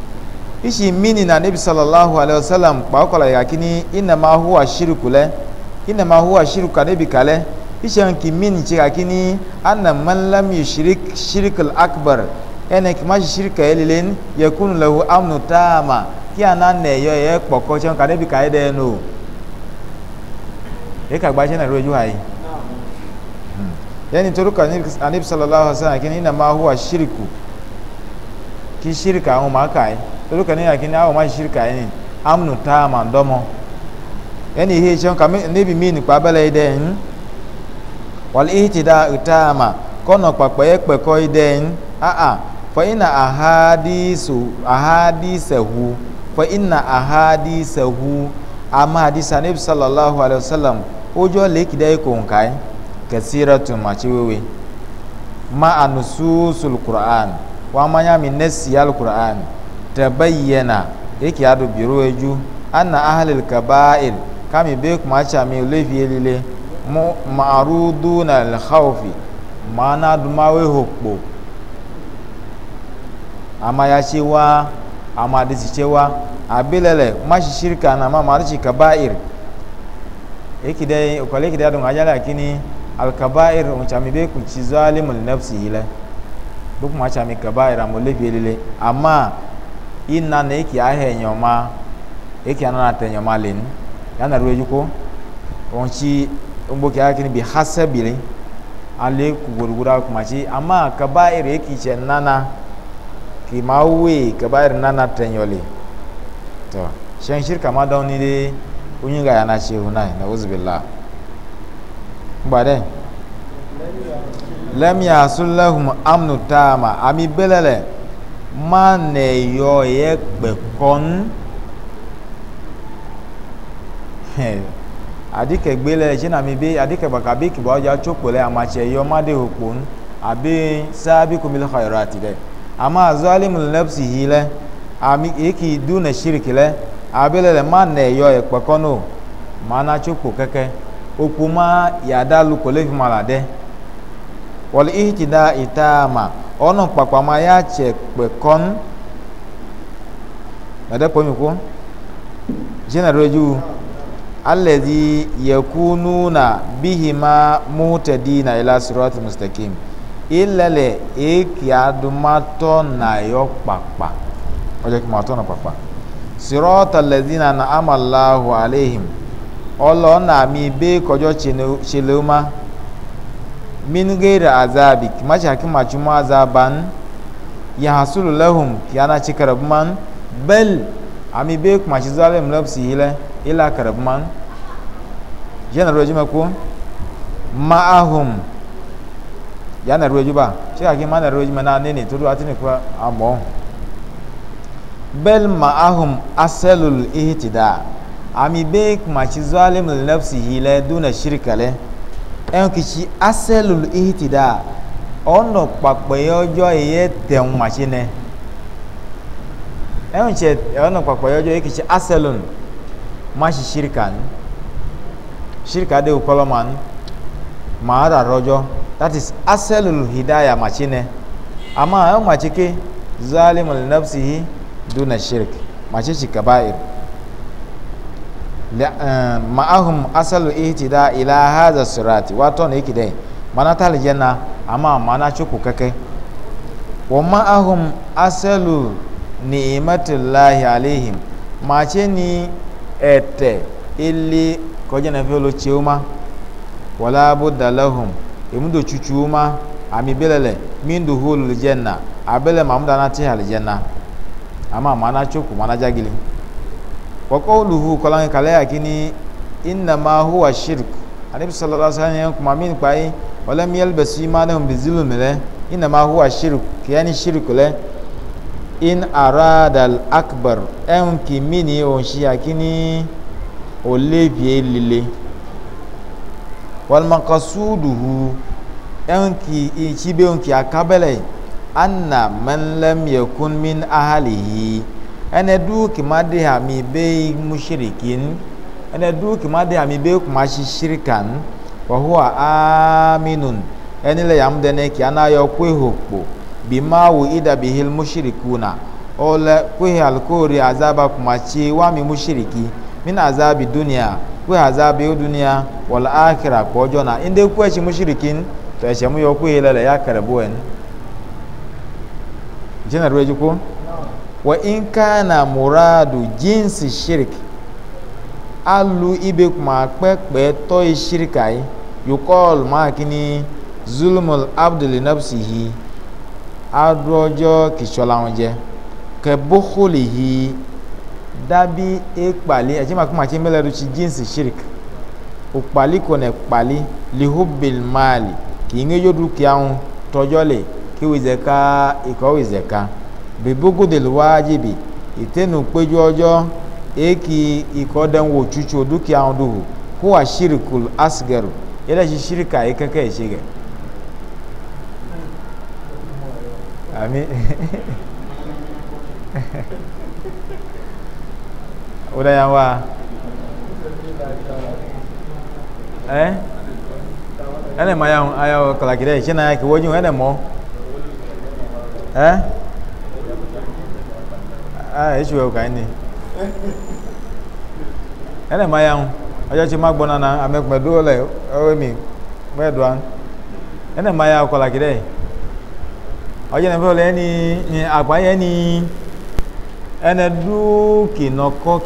ishi mini na nabi sallallahu alaihi wasallam kpakola ya kini ina ma huwa shirku le ina ma huwa shirku ka nabi kale ishi anki mini ce kini anna man lam yushrik shirkul akbar ene ma shirka yelilin yakunu lahu amnu tama ki ana ne yo ye kpoko ce ka nabi kale de no e ka gba se na roju ayi hmm. yani toruka nabi sallallahu alaihi wasallam kini ina ma huwa shirku kì í ṣírìkà àwọn máa kà yìí torí kan níyà ni àwọn máa ṣírìkà yìí amúnú tá a máa dọ́mọ ẹni ìhé iṣẹ́ nǹkan níbi míì nípa abẹ́lẹ̀ ìdẹ́ yìí wàlẹ́ ìhí ti da ìta àmà kọ́nà pàpẹ́ yẹ pẹ̀kọ́ ìdẹ́ yìí àà fẹ́yìnà àhádìsẹ̀hu fẹ́yìnà àhádìsẹ̀hu àmà àdìsẹ̀ níbi sàlọ́láhu alayhi wa sàlám ojú ọ̀lẹ́kìdẹ́ ikọ̀ nǹkan kẹsíra tùmàchíwèwè má ànusúsùl kùrán wa manya min nasi alquran tabayyana eki ado biro eju anna ahlil kaba'ir kami be kuma cha mi lefi elile ma'ruduna al khawfi mana dumawe hokpo ama ya cewa ama abilele mashi shirka na mama marici kaba'ir eki dai kwale ki ngajala kini alkabair kaba'ir mun cha mi nafsi ila duk ma cha mi kabaira mo le bielele ama ina ne ki a he nyoma e ki anana te nyoma len ya na ruwe juko on chi mbo ki akini bi hasabili ale ku kuma chi ama kabaira e ki che nana ki mawe kabaira nana te nyole to shan shirka ma dauni de unyinga yana ce hunai na uzubillah ba dai lẹ́mi àsúlẹ̀hùn amnu tààmà àmì bẹ́lẹ̀lẹ̀ má nà ẹ̀yọ yẹ pẹ̀kọ́n àdìkẹ̀ gbélẹ̀ ṣé nà mí bí àdìkẹ̀ bàkà bí kìbọ̀ ọjà tsókpòlẹ̀ àmàtsẹ̀ yọ má dé òkpòn àbí sábì kòmílẹ̀ xọ̀yọ̀rọ̀ àti dẹ̀ àmà zọ́ọ́lìmù lẹ́pùsì yìí lẹ́ àmì èkì dúnà ṣírìkì lẹ́ àbílẹ̀lẹ̀ má nà ẹ̀yọ yẹ pẹ̀kọ́n o má nà tsókpò kẹ́kẹ́ òkpò má yàdá lukọ̀ lẹ́fìmọ̀ àlàdẹ́ wal ihtida itama ono kpakpama ya tse kpekɔn ɛdɛ kpɔmi ko jɛnɛrɛju alɛdi yɛkununa bihima mutadina ila sirɔti mustakim ilẹlẹ eke adumatɔ nayɔ kpakpa ɔjɛ kò matɔ nà kpakpa sirɔta lɛdina na amalahu aleihim ɔlɔna mi bɛ kɔjɔ tselewuma min gairi azabik mace hakin mace mu azaban ya hasulu lahum yana ci karabman bal ami be kuma ci zalim lafsi hila ila karabman yana roji mako ma'ahum yana roji ba shi hakin ma na roji mana ne ne tudu atini kuwa amon bal ma'ahum asalul ihtida ami be kuma ci zalim lafsi hila duna shirkale ẹn kìí asẹ́lù ìhìtìdá ọ̀nà pàpẹ́ ọjọ́ ìyẹ́ tẹ̀hún màṣínẹ́ ẹn kìí ọ̀nà pàpẹ́ ọjọ́ ìyẹ́ kìí asẹ́lù de ṣìrìkàn ṣìrìkàdé òkọlọ́màn màá rà rọjọ́ that is asẹ́lù ìhìdáyà màṣínẹ́ àmọ́ ẹ̀hún màṣíkè zalimul nafsihi duna shirk màṣíṣì kabáyìí ma'ahum asalu ihtida ila hadha sirati wato ne yake dai mana ta aljanna amma mana ci ku kake wa ma'ahum asalu ni'matullahi alaihim ma ce ni ete illi ko jana fi lo ciuma wala budda lahum imudo cucuuma ami belele min duhulul janna abele mamda na ti aljanna amma mana ci mana jagili وقوله قلان كلا يكني إنما هو الشرك النبي صلى الله عليه وسلم كما من قاي ولم يلبس إيمانهم بظلم له إنما هو الشرك يعني الشرك له إن أراد الأكبر أم كميني ونشي يكني olevi lile walmakasuduhu enki ichibe enki akabele anna man lam yakun min ahalihi ene du kima de hami be mushrikin ene du kima de hami be kuma shi shirkan wa huwa aminun ene le yam dene ki ana yo kwe hokpo bima wu ida bihil mushrikuna ole kwe alkori azaba kuma chi wa mi mushriki min azabi dunya kwe azabi dunya wal akhirah ko jona inde kwe shi mushrikin to eshe mu yo kwe lele ya karbu en jina wa in kana muradu jinsi shirk alu ibe kuma kpekpe toyi shirka yi yukol makini zulmul abdul nafsihi adu ojo kisolaunje kebukulihi dabi ekpali ẹjẹ maa kuma ti mẹlẹ do ti jinsi shirk okpali kone kpali lihubil maali kì í ń yóò dúkìá ń tọjọ́ lè kí wìzẹ̀ka ìkọ́ wìzẹ̀ka bibugudil wajibi ìtẹnu péjú ọjọ́ eki ìkọ́dánwò tsutsu dúkìá wọn dùn huwa shirikul asgaru yẹlẹ si shirika yi kẹkẹ ẹsẹ gẹ ami o da yan wa ẹ ẹnẹ ma ya ayawo kalakiri ẹ ṣe na ya kí wọ́n ju ẹnẹ mọ́ ẹ. Eh? ah echi wee ka ni ene ma ya ma gbọna na amekuma do le owe mi mwe do ya ọkọla gide ọjọ na fọlọ ẹni ni àgbá yẹn ni ene du kinọkọ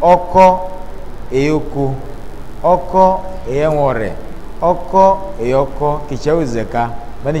ọkọ eyoko ọkọ ọkọ eyọkọ kìchẹ ìzẹka bẹni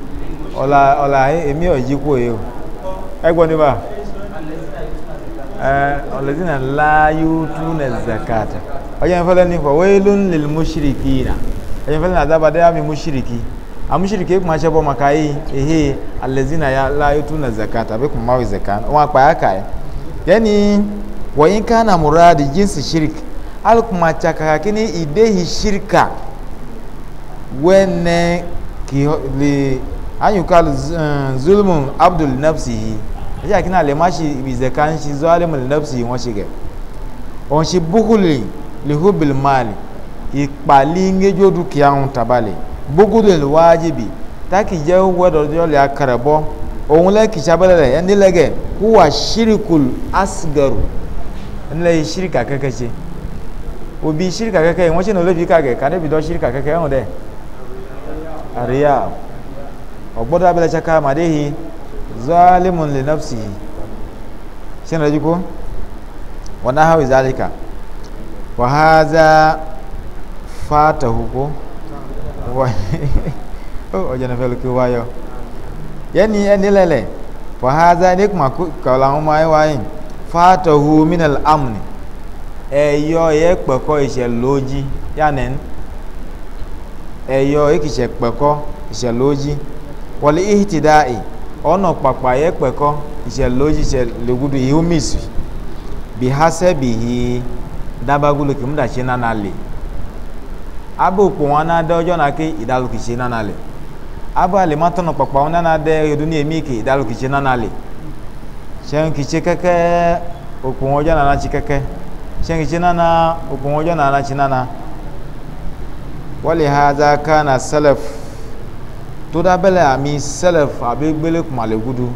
ọ̀la ọ̀la èmi ọ̀yí kú òye o ẹgbọ́n ní bá ọ̀lẹ́sìnà láyú túnẹ̀ zakata ọjọ́ yẹn fẹ́lẹ́ ní fọ wẹ́ẹ́ ló ń lè fẹ́lẹ́ ní àdábàdé àmì màkà yìí ehe ọ̀lẹ́sìnà láyú zakata àbí kùmà wí zakata wọn àpá yà kàyẹ. yẹ́nì wọ̀nyín kánà múradì jíǹsì ṣìrìkì anyukal eh, zulmun abdul nafsihi ẹjẹ akínà lè má ṣe ìbìzẹ̀ká ń ṣe zọ́ọ́lẹ́mù nafsihi wọ́n ṣe gẹ̀ òun ṣe búkúlì lihubil maali ìpàlí ńgẹ́jọ́ dúkìá ń tabalẹ̀ búkúlì wájibì táàkì jẹ́ wẹ́dọ̀dọ́ lè akẹrẹ̀bọ́ òun lẹ́kì sábẹ́lẹ̀ rẹ̀ ẹni lẹ́gẹ̀ kúwà ṣírìkùl asgaru ẹni lẹ́yìn ṣírìkà kẹ́kẹ́ ṣe òbí ṣírìkà kẹ́kẹ́ yìí wọ́n ṣe ní olóbi kàgẹ̀ kàdébìdọ́ ṣírìkà kẹ́kẹ́ ẹ̀hún dẹ̀ àríyá ọgbọ́dọ̀ abẹ́lẹ̀ ṣaka màdéhì zalimun li nafsihi ṣe ń rẹ̀ jíkó wọn náà hàwí zálíkà wà á zá fatahu ko oh, ọjọ́ náà fẹ́ lókè wáyọ̀ yẹ́nì ẹni lẹ́lẹ̀ wà á zá ní kùmà kàwé àwọn ọmọ ayé wáyé fatahu minal amni ẹ̀yọ yẹ pẹ̀kọ́ ìṣẹ̀lójí yánẹ̀ ẹ̀yọ ìkìṣẹ̀ pẹ̀kọ́ ìṣẹ̀lójí. wọlé ihtida'i ọ̀nà pàpà yẹ pẹ̀kọ́ ìṣẹ̀lẹ̀ lójì ìṣẹ̀lẹ̀ lògùdù ìhómìsì bí hasẹ́bì hi dábàgúlò kì í múdà ṣe nánà lè abẹ́ òpó wọn náà dẹ́ ọjọ́ náà ké ìdálòkì ṣe nánà lè abẹ́ àlè má tọ̀nà pàpà wọn náà dẹ́ ọdún ní èmi kì ìdálòkì ṣe nánà lè ṣe kẹ́kẹ́ wọn ọjọ́ náà ṣe kẹ́kẹ́ ṣe nánà wọn ọjọ́ náà ṣe nánà ha tó dábẹ́lẹ̀ àmì sẹ́lẹ̀f kumale gudu kùmàlẹ́gudu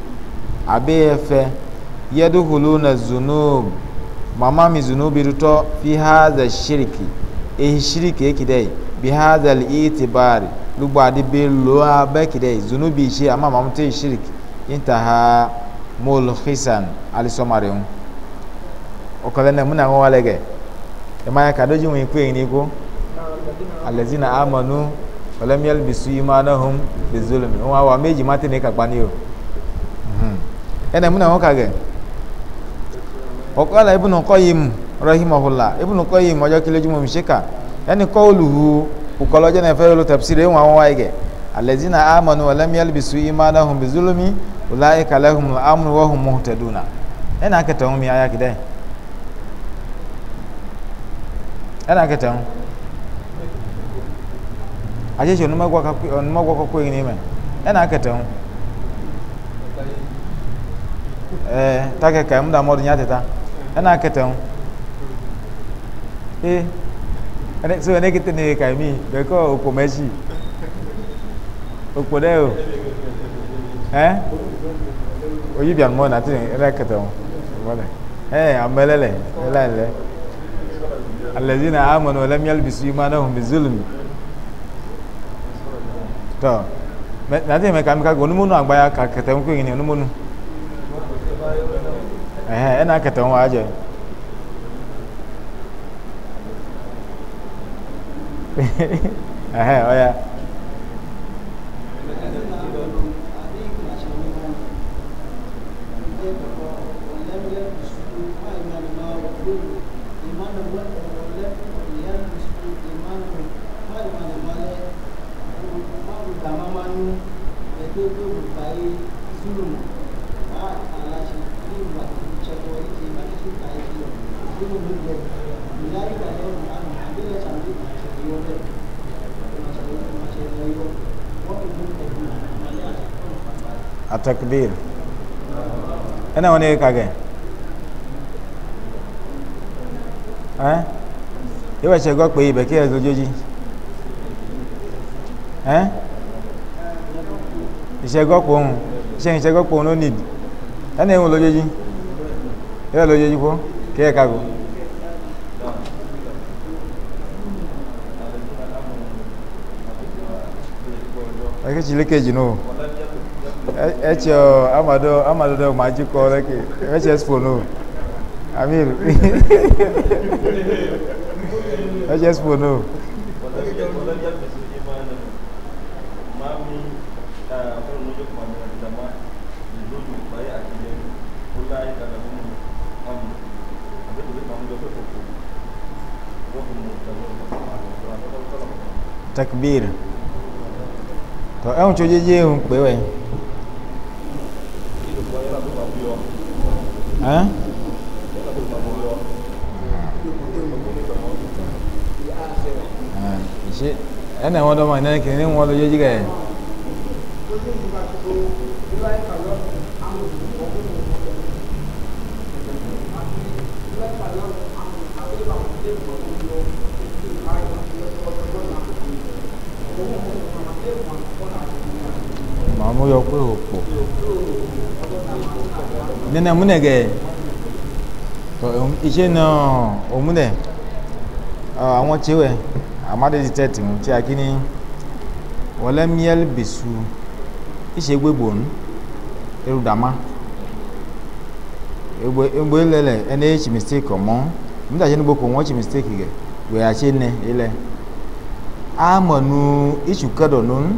àbí ẹ̀fẹ́ yẹ́dúhùlù nà zunub màmá mi zunubi dutọ́ fi hàzẹ̀ ṣíríkì èyí ṣíríkì èkìdẹ́ bí hàzẹ̀ ìtìbárì lùgbọ́ àdìbẹ́ lọ́wọ́ abẹ́kìdẹ́ zunubi ṣe àmà màmú tẹ́ ṣíríkì intaha mulhisan alisomare ŋu ọkọlẹ náà múnà wọn wà lẹgẹ ẹ máa kàdójú wọn ikú èyí ni kú alẹ́zínà amọ̀nù ọlẹ́mi ẹlẹ́mi su yìí máa náà hum lè zolomi wọn àwọn méjì má tẹ̀ ní kàgbá ní o mhm. ẹnna múna wọn kàgẹ ọkọlá ibùnú kọyìm rahimahullah ibùnú kọyìm ọjọ́ kí lójúmọ́ mi ṣèkà ẹni kọ́ olùhù ukọlọ́jọ́ náà fẹ́ lọ́tẹ̀psì rẹ̀ wọn àwọn wáyé gẹ̀ alẹ́zínà amọ̀nù ọlẹ́mi ẹlẹ́mi su yìí máa náà hum lè zolomi ọlá ìkàlẹ́ hum amúnú wọ́n hum mọ̀ tẹ̀dúnà ẹnna akẹ́tẹ̀ acheche onumegwakọkwa gị n'ime ya na akete m ee eh, take ka m da taa nya teta ya na akete m ee eh, so ene kete ne ka mi beko okpo mechi okpo deo eh oyi bian mo na tin ene kete m wala eh amelele elele الذين آمنوا ولم يلبسوا إيمانهم بظلم tɔ mɛ nate mɛ kami kago onumonu agbaya ka kɛtɛnu ko yin onumonu ɛhɛn ɛna kɛtɛnu wa adzɛ ɛhɛn ɔya. Thank you. التكبير أنا وني كاجي ها يبقى شيء قوي بكي أزوجي ẹ́ ìṣẹ́gọ́pọ̀ ohun ṣe ìṣẹ́gọ́pọ̀ ohun ló nìdí ẹni ìhun lójoojú ẹ̀rọ lójoojú fún kẹ́ẹ̀ka kò. ẹ̀kẹ́tì lékejì náà ẹ̀tì ọ̀ amadu amadu dọ̀ máa jí kọ́ lẹ́kẹ̀ ẹ̀tì ẹ̀sìpò náà amir ẹ̀tì ẹ̀sìpò náà. حكما من العلماء للظلم الطريقة الجميع أولئك لهم أمر حبيت بيت عمود يفقه وهم مهتدون تكبير tọ ẹ ń tso jẹjẹ ń pè wẹ. ẹ. ẹnna wọn dọ ma ní kìnìún wọn lọ jẹjẹ kẹ mamuyo kwe okpo nene mune ge to um, ise na omune ah, àwọn tiwe amade detect mu ti akini wọlé miel bisu. iche egbe gboo erudama egbe elele ene chi mistake ọmọ mita chi nugboko nwa chi mistake ge weghachi nne ile amanu ichukedo nun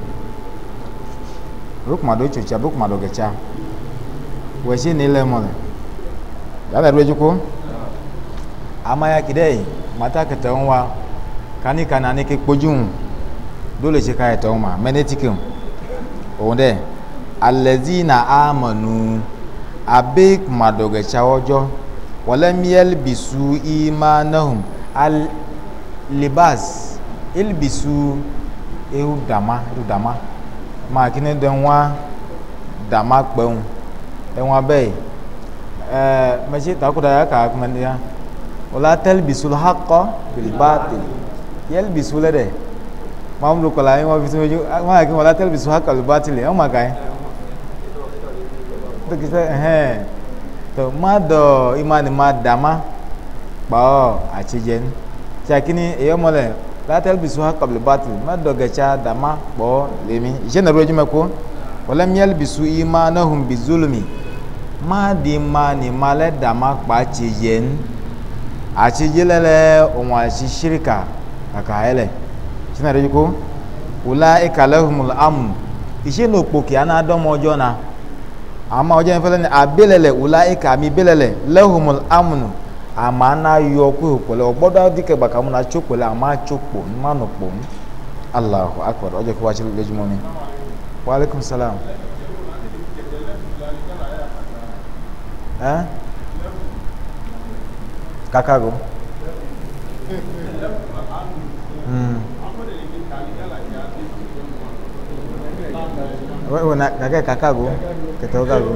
rukumado ichucha rukumado gecha weghachi nne ile mọle ya da ruejukwu amaya kidei mata kete nwa ka na nike kpojun dole chika O ɖe, alezi na ame nuu, abe ma dɔgɛcha ɔdzɔ, wole mialibisu ɣe maa nehu al Libas, elibisu, ewu dama, ewu dama, ma akini de nwa dama kpɛŋu, e mwa be ɛɛ, eh, mechie taa ku ɖe aya ka menia, o la telibisu hakɔ Libate, yalibisu lé ɖe. máa ń lo kọ̀lá yín wọ́n fi sí ojú ah, wọ́n àkí wọn látẹ́lẹ̀ bí sùhàkà ló bá tilẹ̀ ọmọ àká yín. dókítà ẹ̀hẹ́n tó má dọ̀ ìmáni má dàmá kpọ́ àtijẹ́ ni tíakíní èyọ́ mọ́lẹ̀ látẹ́lẹ̀ bí sùhàkà ló bá tilẹ̀ má dọ̀ gẹ̀tsá dàmá kpọ́ lèmi ìṣe nàró ojú mẹ́kọ́ wọlé miẹ́lì bí su ìmá náhùn bí zulumi má di má má lẹ́ dàmá kpọ́ àtijẹ́ ni àtijẹ́ lẹ́lẹ́ òun sínú ẹ̀rọ yìí wòlá ìkàlẹ́hùn amù ìṣe ní òpòkè àná dọ́mọ ọjọ́ na àmọ́ ọjọ́ yẹn fẹ́lẹ́ ní abélẹ̀lẹ̀ wòlá ìkà mi bélẹ̀lẹ̀ lẹ́hùn amù nù àmà ná yọ kó ìpòlẹ̀ ọgbọ́dọ̀ dìkẹ̀ bàkà múna tso pòlẹ̀ àmà tso pò mánu pò mú alahu akpọ̀ ọjọ́ kí wàá ṣe lójúmọ́ ni waaleykum salaam. kakago. Mm. Una, que cacago, que tengo cago.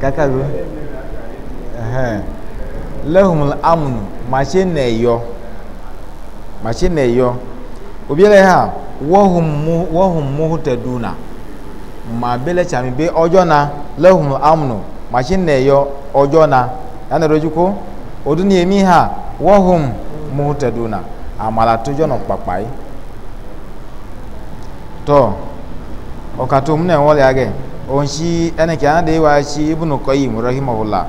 cacago. Lehum amnu, machine na eyo. Machine na eyo. Obiele ha, wahum mu wahum muhtaduna. Ma bele chami be ojo na lehum amnu, machine na eyo ojo na. Ya na rojuko. odun yemi ha wohum muhtaduna amala to jono papai to okato mne wole age onshi eneke ade wa shi ibnu qayyim rahimahullah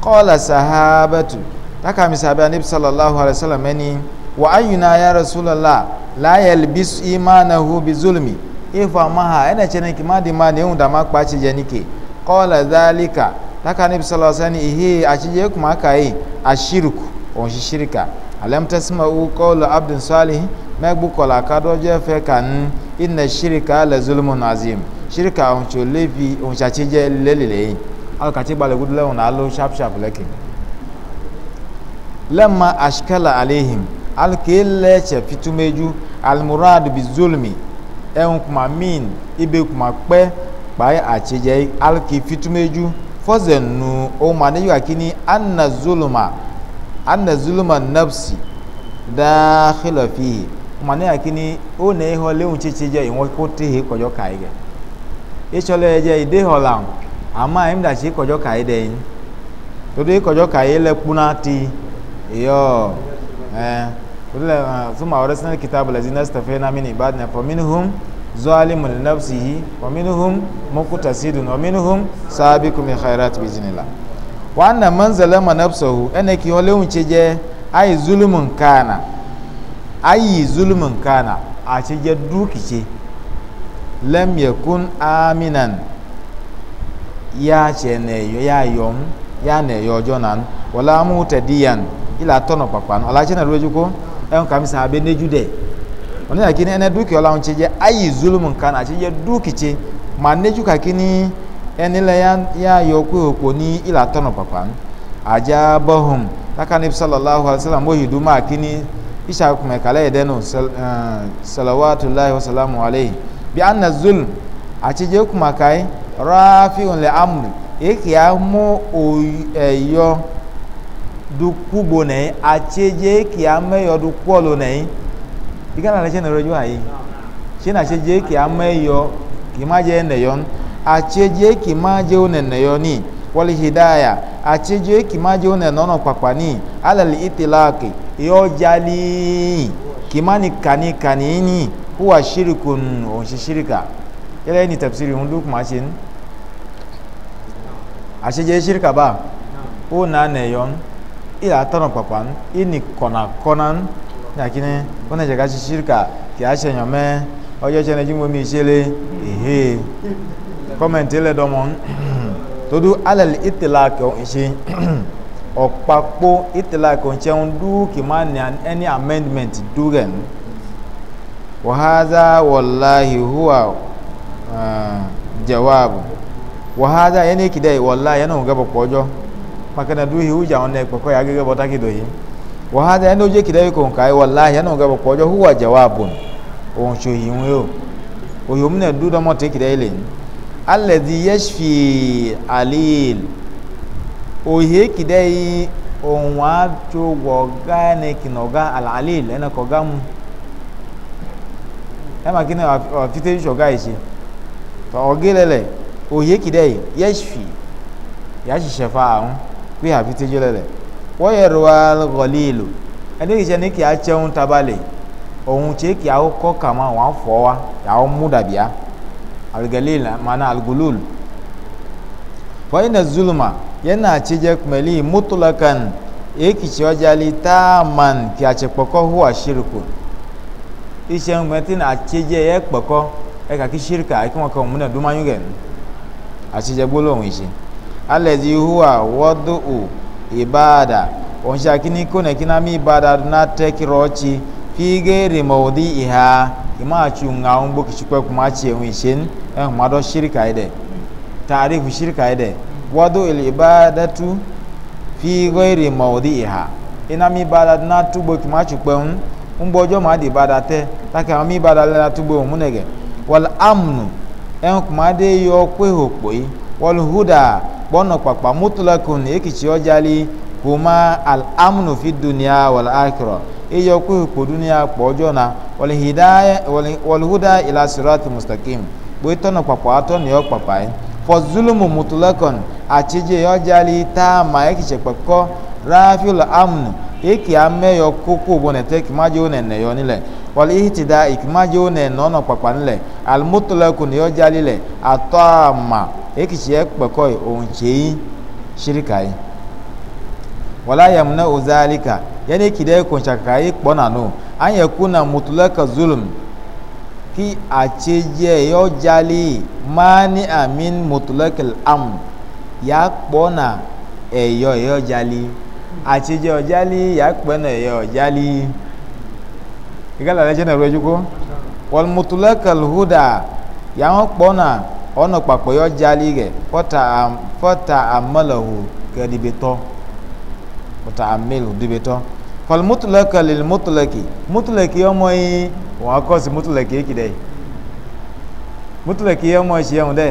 qala sahabatu taka misabi anabi sallallahu alaihi wasallam ni wa ayyuna ya rasulullah la yalbis imanahu bi zulmi ifa maha ene cheneki madi madi unda makpachi jenike qala dhalika taka nabi sallallahu alaihi wasallam ihe achije kuma kai ashirku on shi shirka alam tasma'u qawla abdin salih megbu kola kado je fe kan inna shirka la zulmun azim shirka on cho levi on chachije lelele al kati bale gudu lewon alo sharp sharp lekin lamma ashkala alaihim al kille che fitumeju al bi zulmi ehun kuma min ibe kuma pe pa achije al ki fitumeju fɔzɛnu ɔma ne yiwa kini ana zuluma ana zuluma nafsi daaxilɔ fihi ɔma ne yiwa kini ɔna ihɔ lewu tsitsi dze iwɔ ko tehe kɔdzɔ ka yi gɛ etsɔlɔ yɛ dze ide e hɔ la ama yi da tsi kɔdzɔ ka yi dɛ yi todo kɔdzɔ ka yi lɛ kpuna ti yɔ ɛɛ todo lɛ suma ɔrɛsɛnɛ kitabu lɛ zinɛ sitɛfɛ na mi ni ba nɛ fɔ minihum zalimun nafsihi wa minhum muqtasidun wa minhum sabiqun bi khairat bi iznillah wa anna man zalama nafsahu ana ki holewun ceje ai zulmun kana ai zulmun kana a ceje dukice lam yakun aminan ya ce ne ya yom ya ne yojo nan wala mutadiyan ila tono papan ala ce na ko en kamisa abeneju de oni na kini ene duki ola unche je ayi zulum kana che je duki che maneju ka kini eni la ya ya yo ku opo ni ila tono papa ajabahum taka nabi sallallahu alaihi wasallam mohidu ma kini isha kuma kala edenu sal, uh, salawatullahi wa salamu alaihi bi anna zulm ache je kuma kai rafiun li amri eke amu eyo eh, dukubo nei ache je ke ameyo dukwolo nei igala ne tse ne rɔdzo ayi tse na tse dze ke ame yɔ ke ma dze ne yɔn atse dze ke ma dze wo ne ne yɔ ni wɔli hidaya atse dze ke ma dze wo ne kpakpa ni alali itilaki yɔ dzali ke ma ni kani kani ni huwa shirikun o tse shirika yɛlɛ ni tɛpisiri ŋu du kuma tse nu atse dze shirika ba wo na ne yɔn ila tɔnɔ kpakpa nu ini kɔna kɔna nu nyakine wọn dza katsi sirika kì atsɛ nyɔmɛ ɔyɛ tsɛ n'edzi mo mi tsele ehe kɔmɛnti lɛ dɔmɔ todo alɛli itila kɛ ɔnse ɔkpakpo itila kɛ ɔnse ŋdu kìma ni ɛni amendment do gɛn wàhádà wàláhi huwa eh, jawaabu wàhádà yẹn ni kìdá yìí wàláhi yẹn ni òun gẹ́bọ̀ kpɔ̀jọ́ makana duhi hujan ɔnɛ kpɔkɔ yà gẹ́gẹ́ bọ́tà kìdó yìí wahada yana oje kidai ko kai wallahi yana ga ko jo huwa jawabun on so yiwe o o yo mna du da mo te kidai le alladhi yashfi alil o he kidai on wa jo go ga ne kinoga al alil ena ko gam e ma kine wa fite so ga ise to ogelele o he kidai yashfi yashi shafa'a ku ya wɔyɛrɛ wa ɣɔli lo ɛni kìí ṣe ni kìí atsɛŋu taba le òun tse kìí kama wòa fɔ wa yàwó mú dàbíà mana alùgùlùl wɔyɛ na zuluma yɛn na atsi dze kumɛli mutulakan èkì tsi ɔdzali taaman kìí atsɛ kpɔkɔ hu asiriko ìṣẹ́nu mɛtí na atsi dze yɛ kpɔkɔ ɛkà kí sirika ɛkí wọn kɔ wọn múna dumanyu gɛ atsi alẹ́ di hu wa wɔdo ibada onsha kini kone kina mi ibada na tekirochi fi gere maudi iha ima chu nga umbu kichukwe kumachi ewishin eh mado shirika ide taarifu shirika ide wadu il ibadatu fi gere maudi iha ina mi ibada na tubo kumachi kwe un umbo ojo ma ibada te taka mi ibada le na tubo munege wal amnu eh kumade yo kwe hokpo yi wal huda kpɔnɔ kpakpa mutulakun ekitsi ɔdzali kuma al-amnu fi dunia wal akirɔ eyɔ kó ikpo dunia kpɔdzɔ na wɔlihuda ilasirati mustakim gbɛtɔnɔ kpakpa atɔnuyɔ kpakpa yi fɔzulumu mutulakun atsidze ɔdzali taama ekitsi kpɛkɔ rafiul amnu eke amɛ yɔ koko bɔ nɛtɛ kimadze wo nɛnɛ yɔ ni lɛ wali ihitida ikimadze wo nɛnɛ ɔnɔ kpakpa ni lɛ alimutulakun yɔdzali lɛ atɔama ekichi ekpekoi onchei shirikai wala yamna uzalika yani kide konchakai kpona no an na mutlaka zulm ki acheje yo jali mani amin mutlakil am ya kpona eyo yo jali acheje yo jali ya kpona eyo jali igala leje na rojuko wal mutlakal huda ya kpona ɔnɔ kpakpɔ yɔ dzali gɛ fɔta am fɔta amɛlɛho kɛdibetɔ fɔta amɛlɛho dibetɔ fɔli mutulɛkɛ lili mutulɛki mutulɛki ɔmɔ yi wɔn akɔsi mutulɛki eki dɛ mutulɛki ɔmɔ yi siɛmu dɛ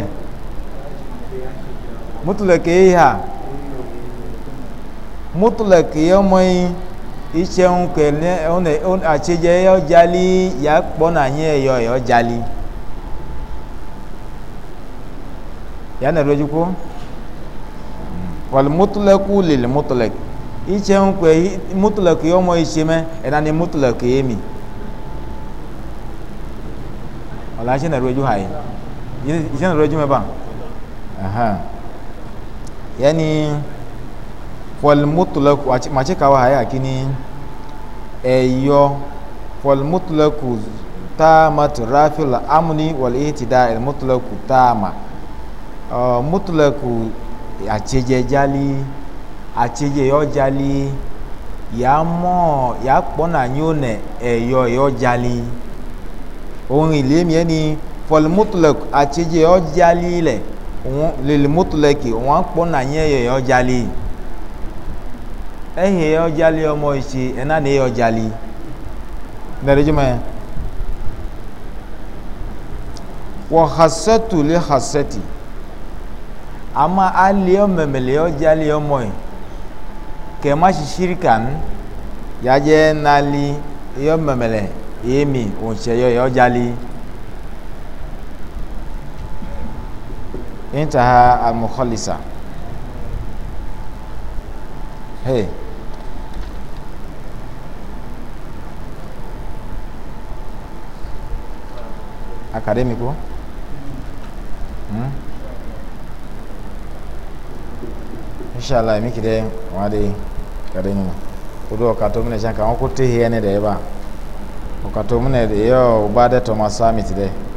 mutulɛki yi ha mutulɛki ɔmɔ yi isiɛmu kɛ ne ɔne ɔne atsidze yɔ dzali yakpɔ na nyi yɔ yɔ dzali. yana roju ko wal mutlaqu lil mutlaq iche n pe mutlaq yo mo iche me ena ni mutlaq yemi wala iche na roju hai iche na roju me ba aha yani wal mutlaq ma che kawa hai akini eyo wal mutlaq tamat rafil amni wal ihtida al mutlaq tamat mutulaku atsɛdze dzali atsɛdze yɔ dzali yamɔ yakpɔna nyo nɛ ɛyɔ yɔ dzali ohun ile mie ni fɔli mutulaku atsɛdze yɔ dzali lɛ ohun lili mutulaki ohun akpɔna nye yɔ yɔ dzali ehe yɔ dzali ɔmɔ etsi ɛna ne yɔ dzali nɛri dzumɛ wɔ hasɛtu li hasɛti ama alio memelio jalio moy ke ma shirikan yaje nali yo memele yemi onse yo yo jali intaha al-mukhalisa hey acadêmico hum? inshallah mi kide wa de kare ni ko do ka to mine shan ka ko te hene de ba ko ka to mine de yo ba de to ma summit de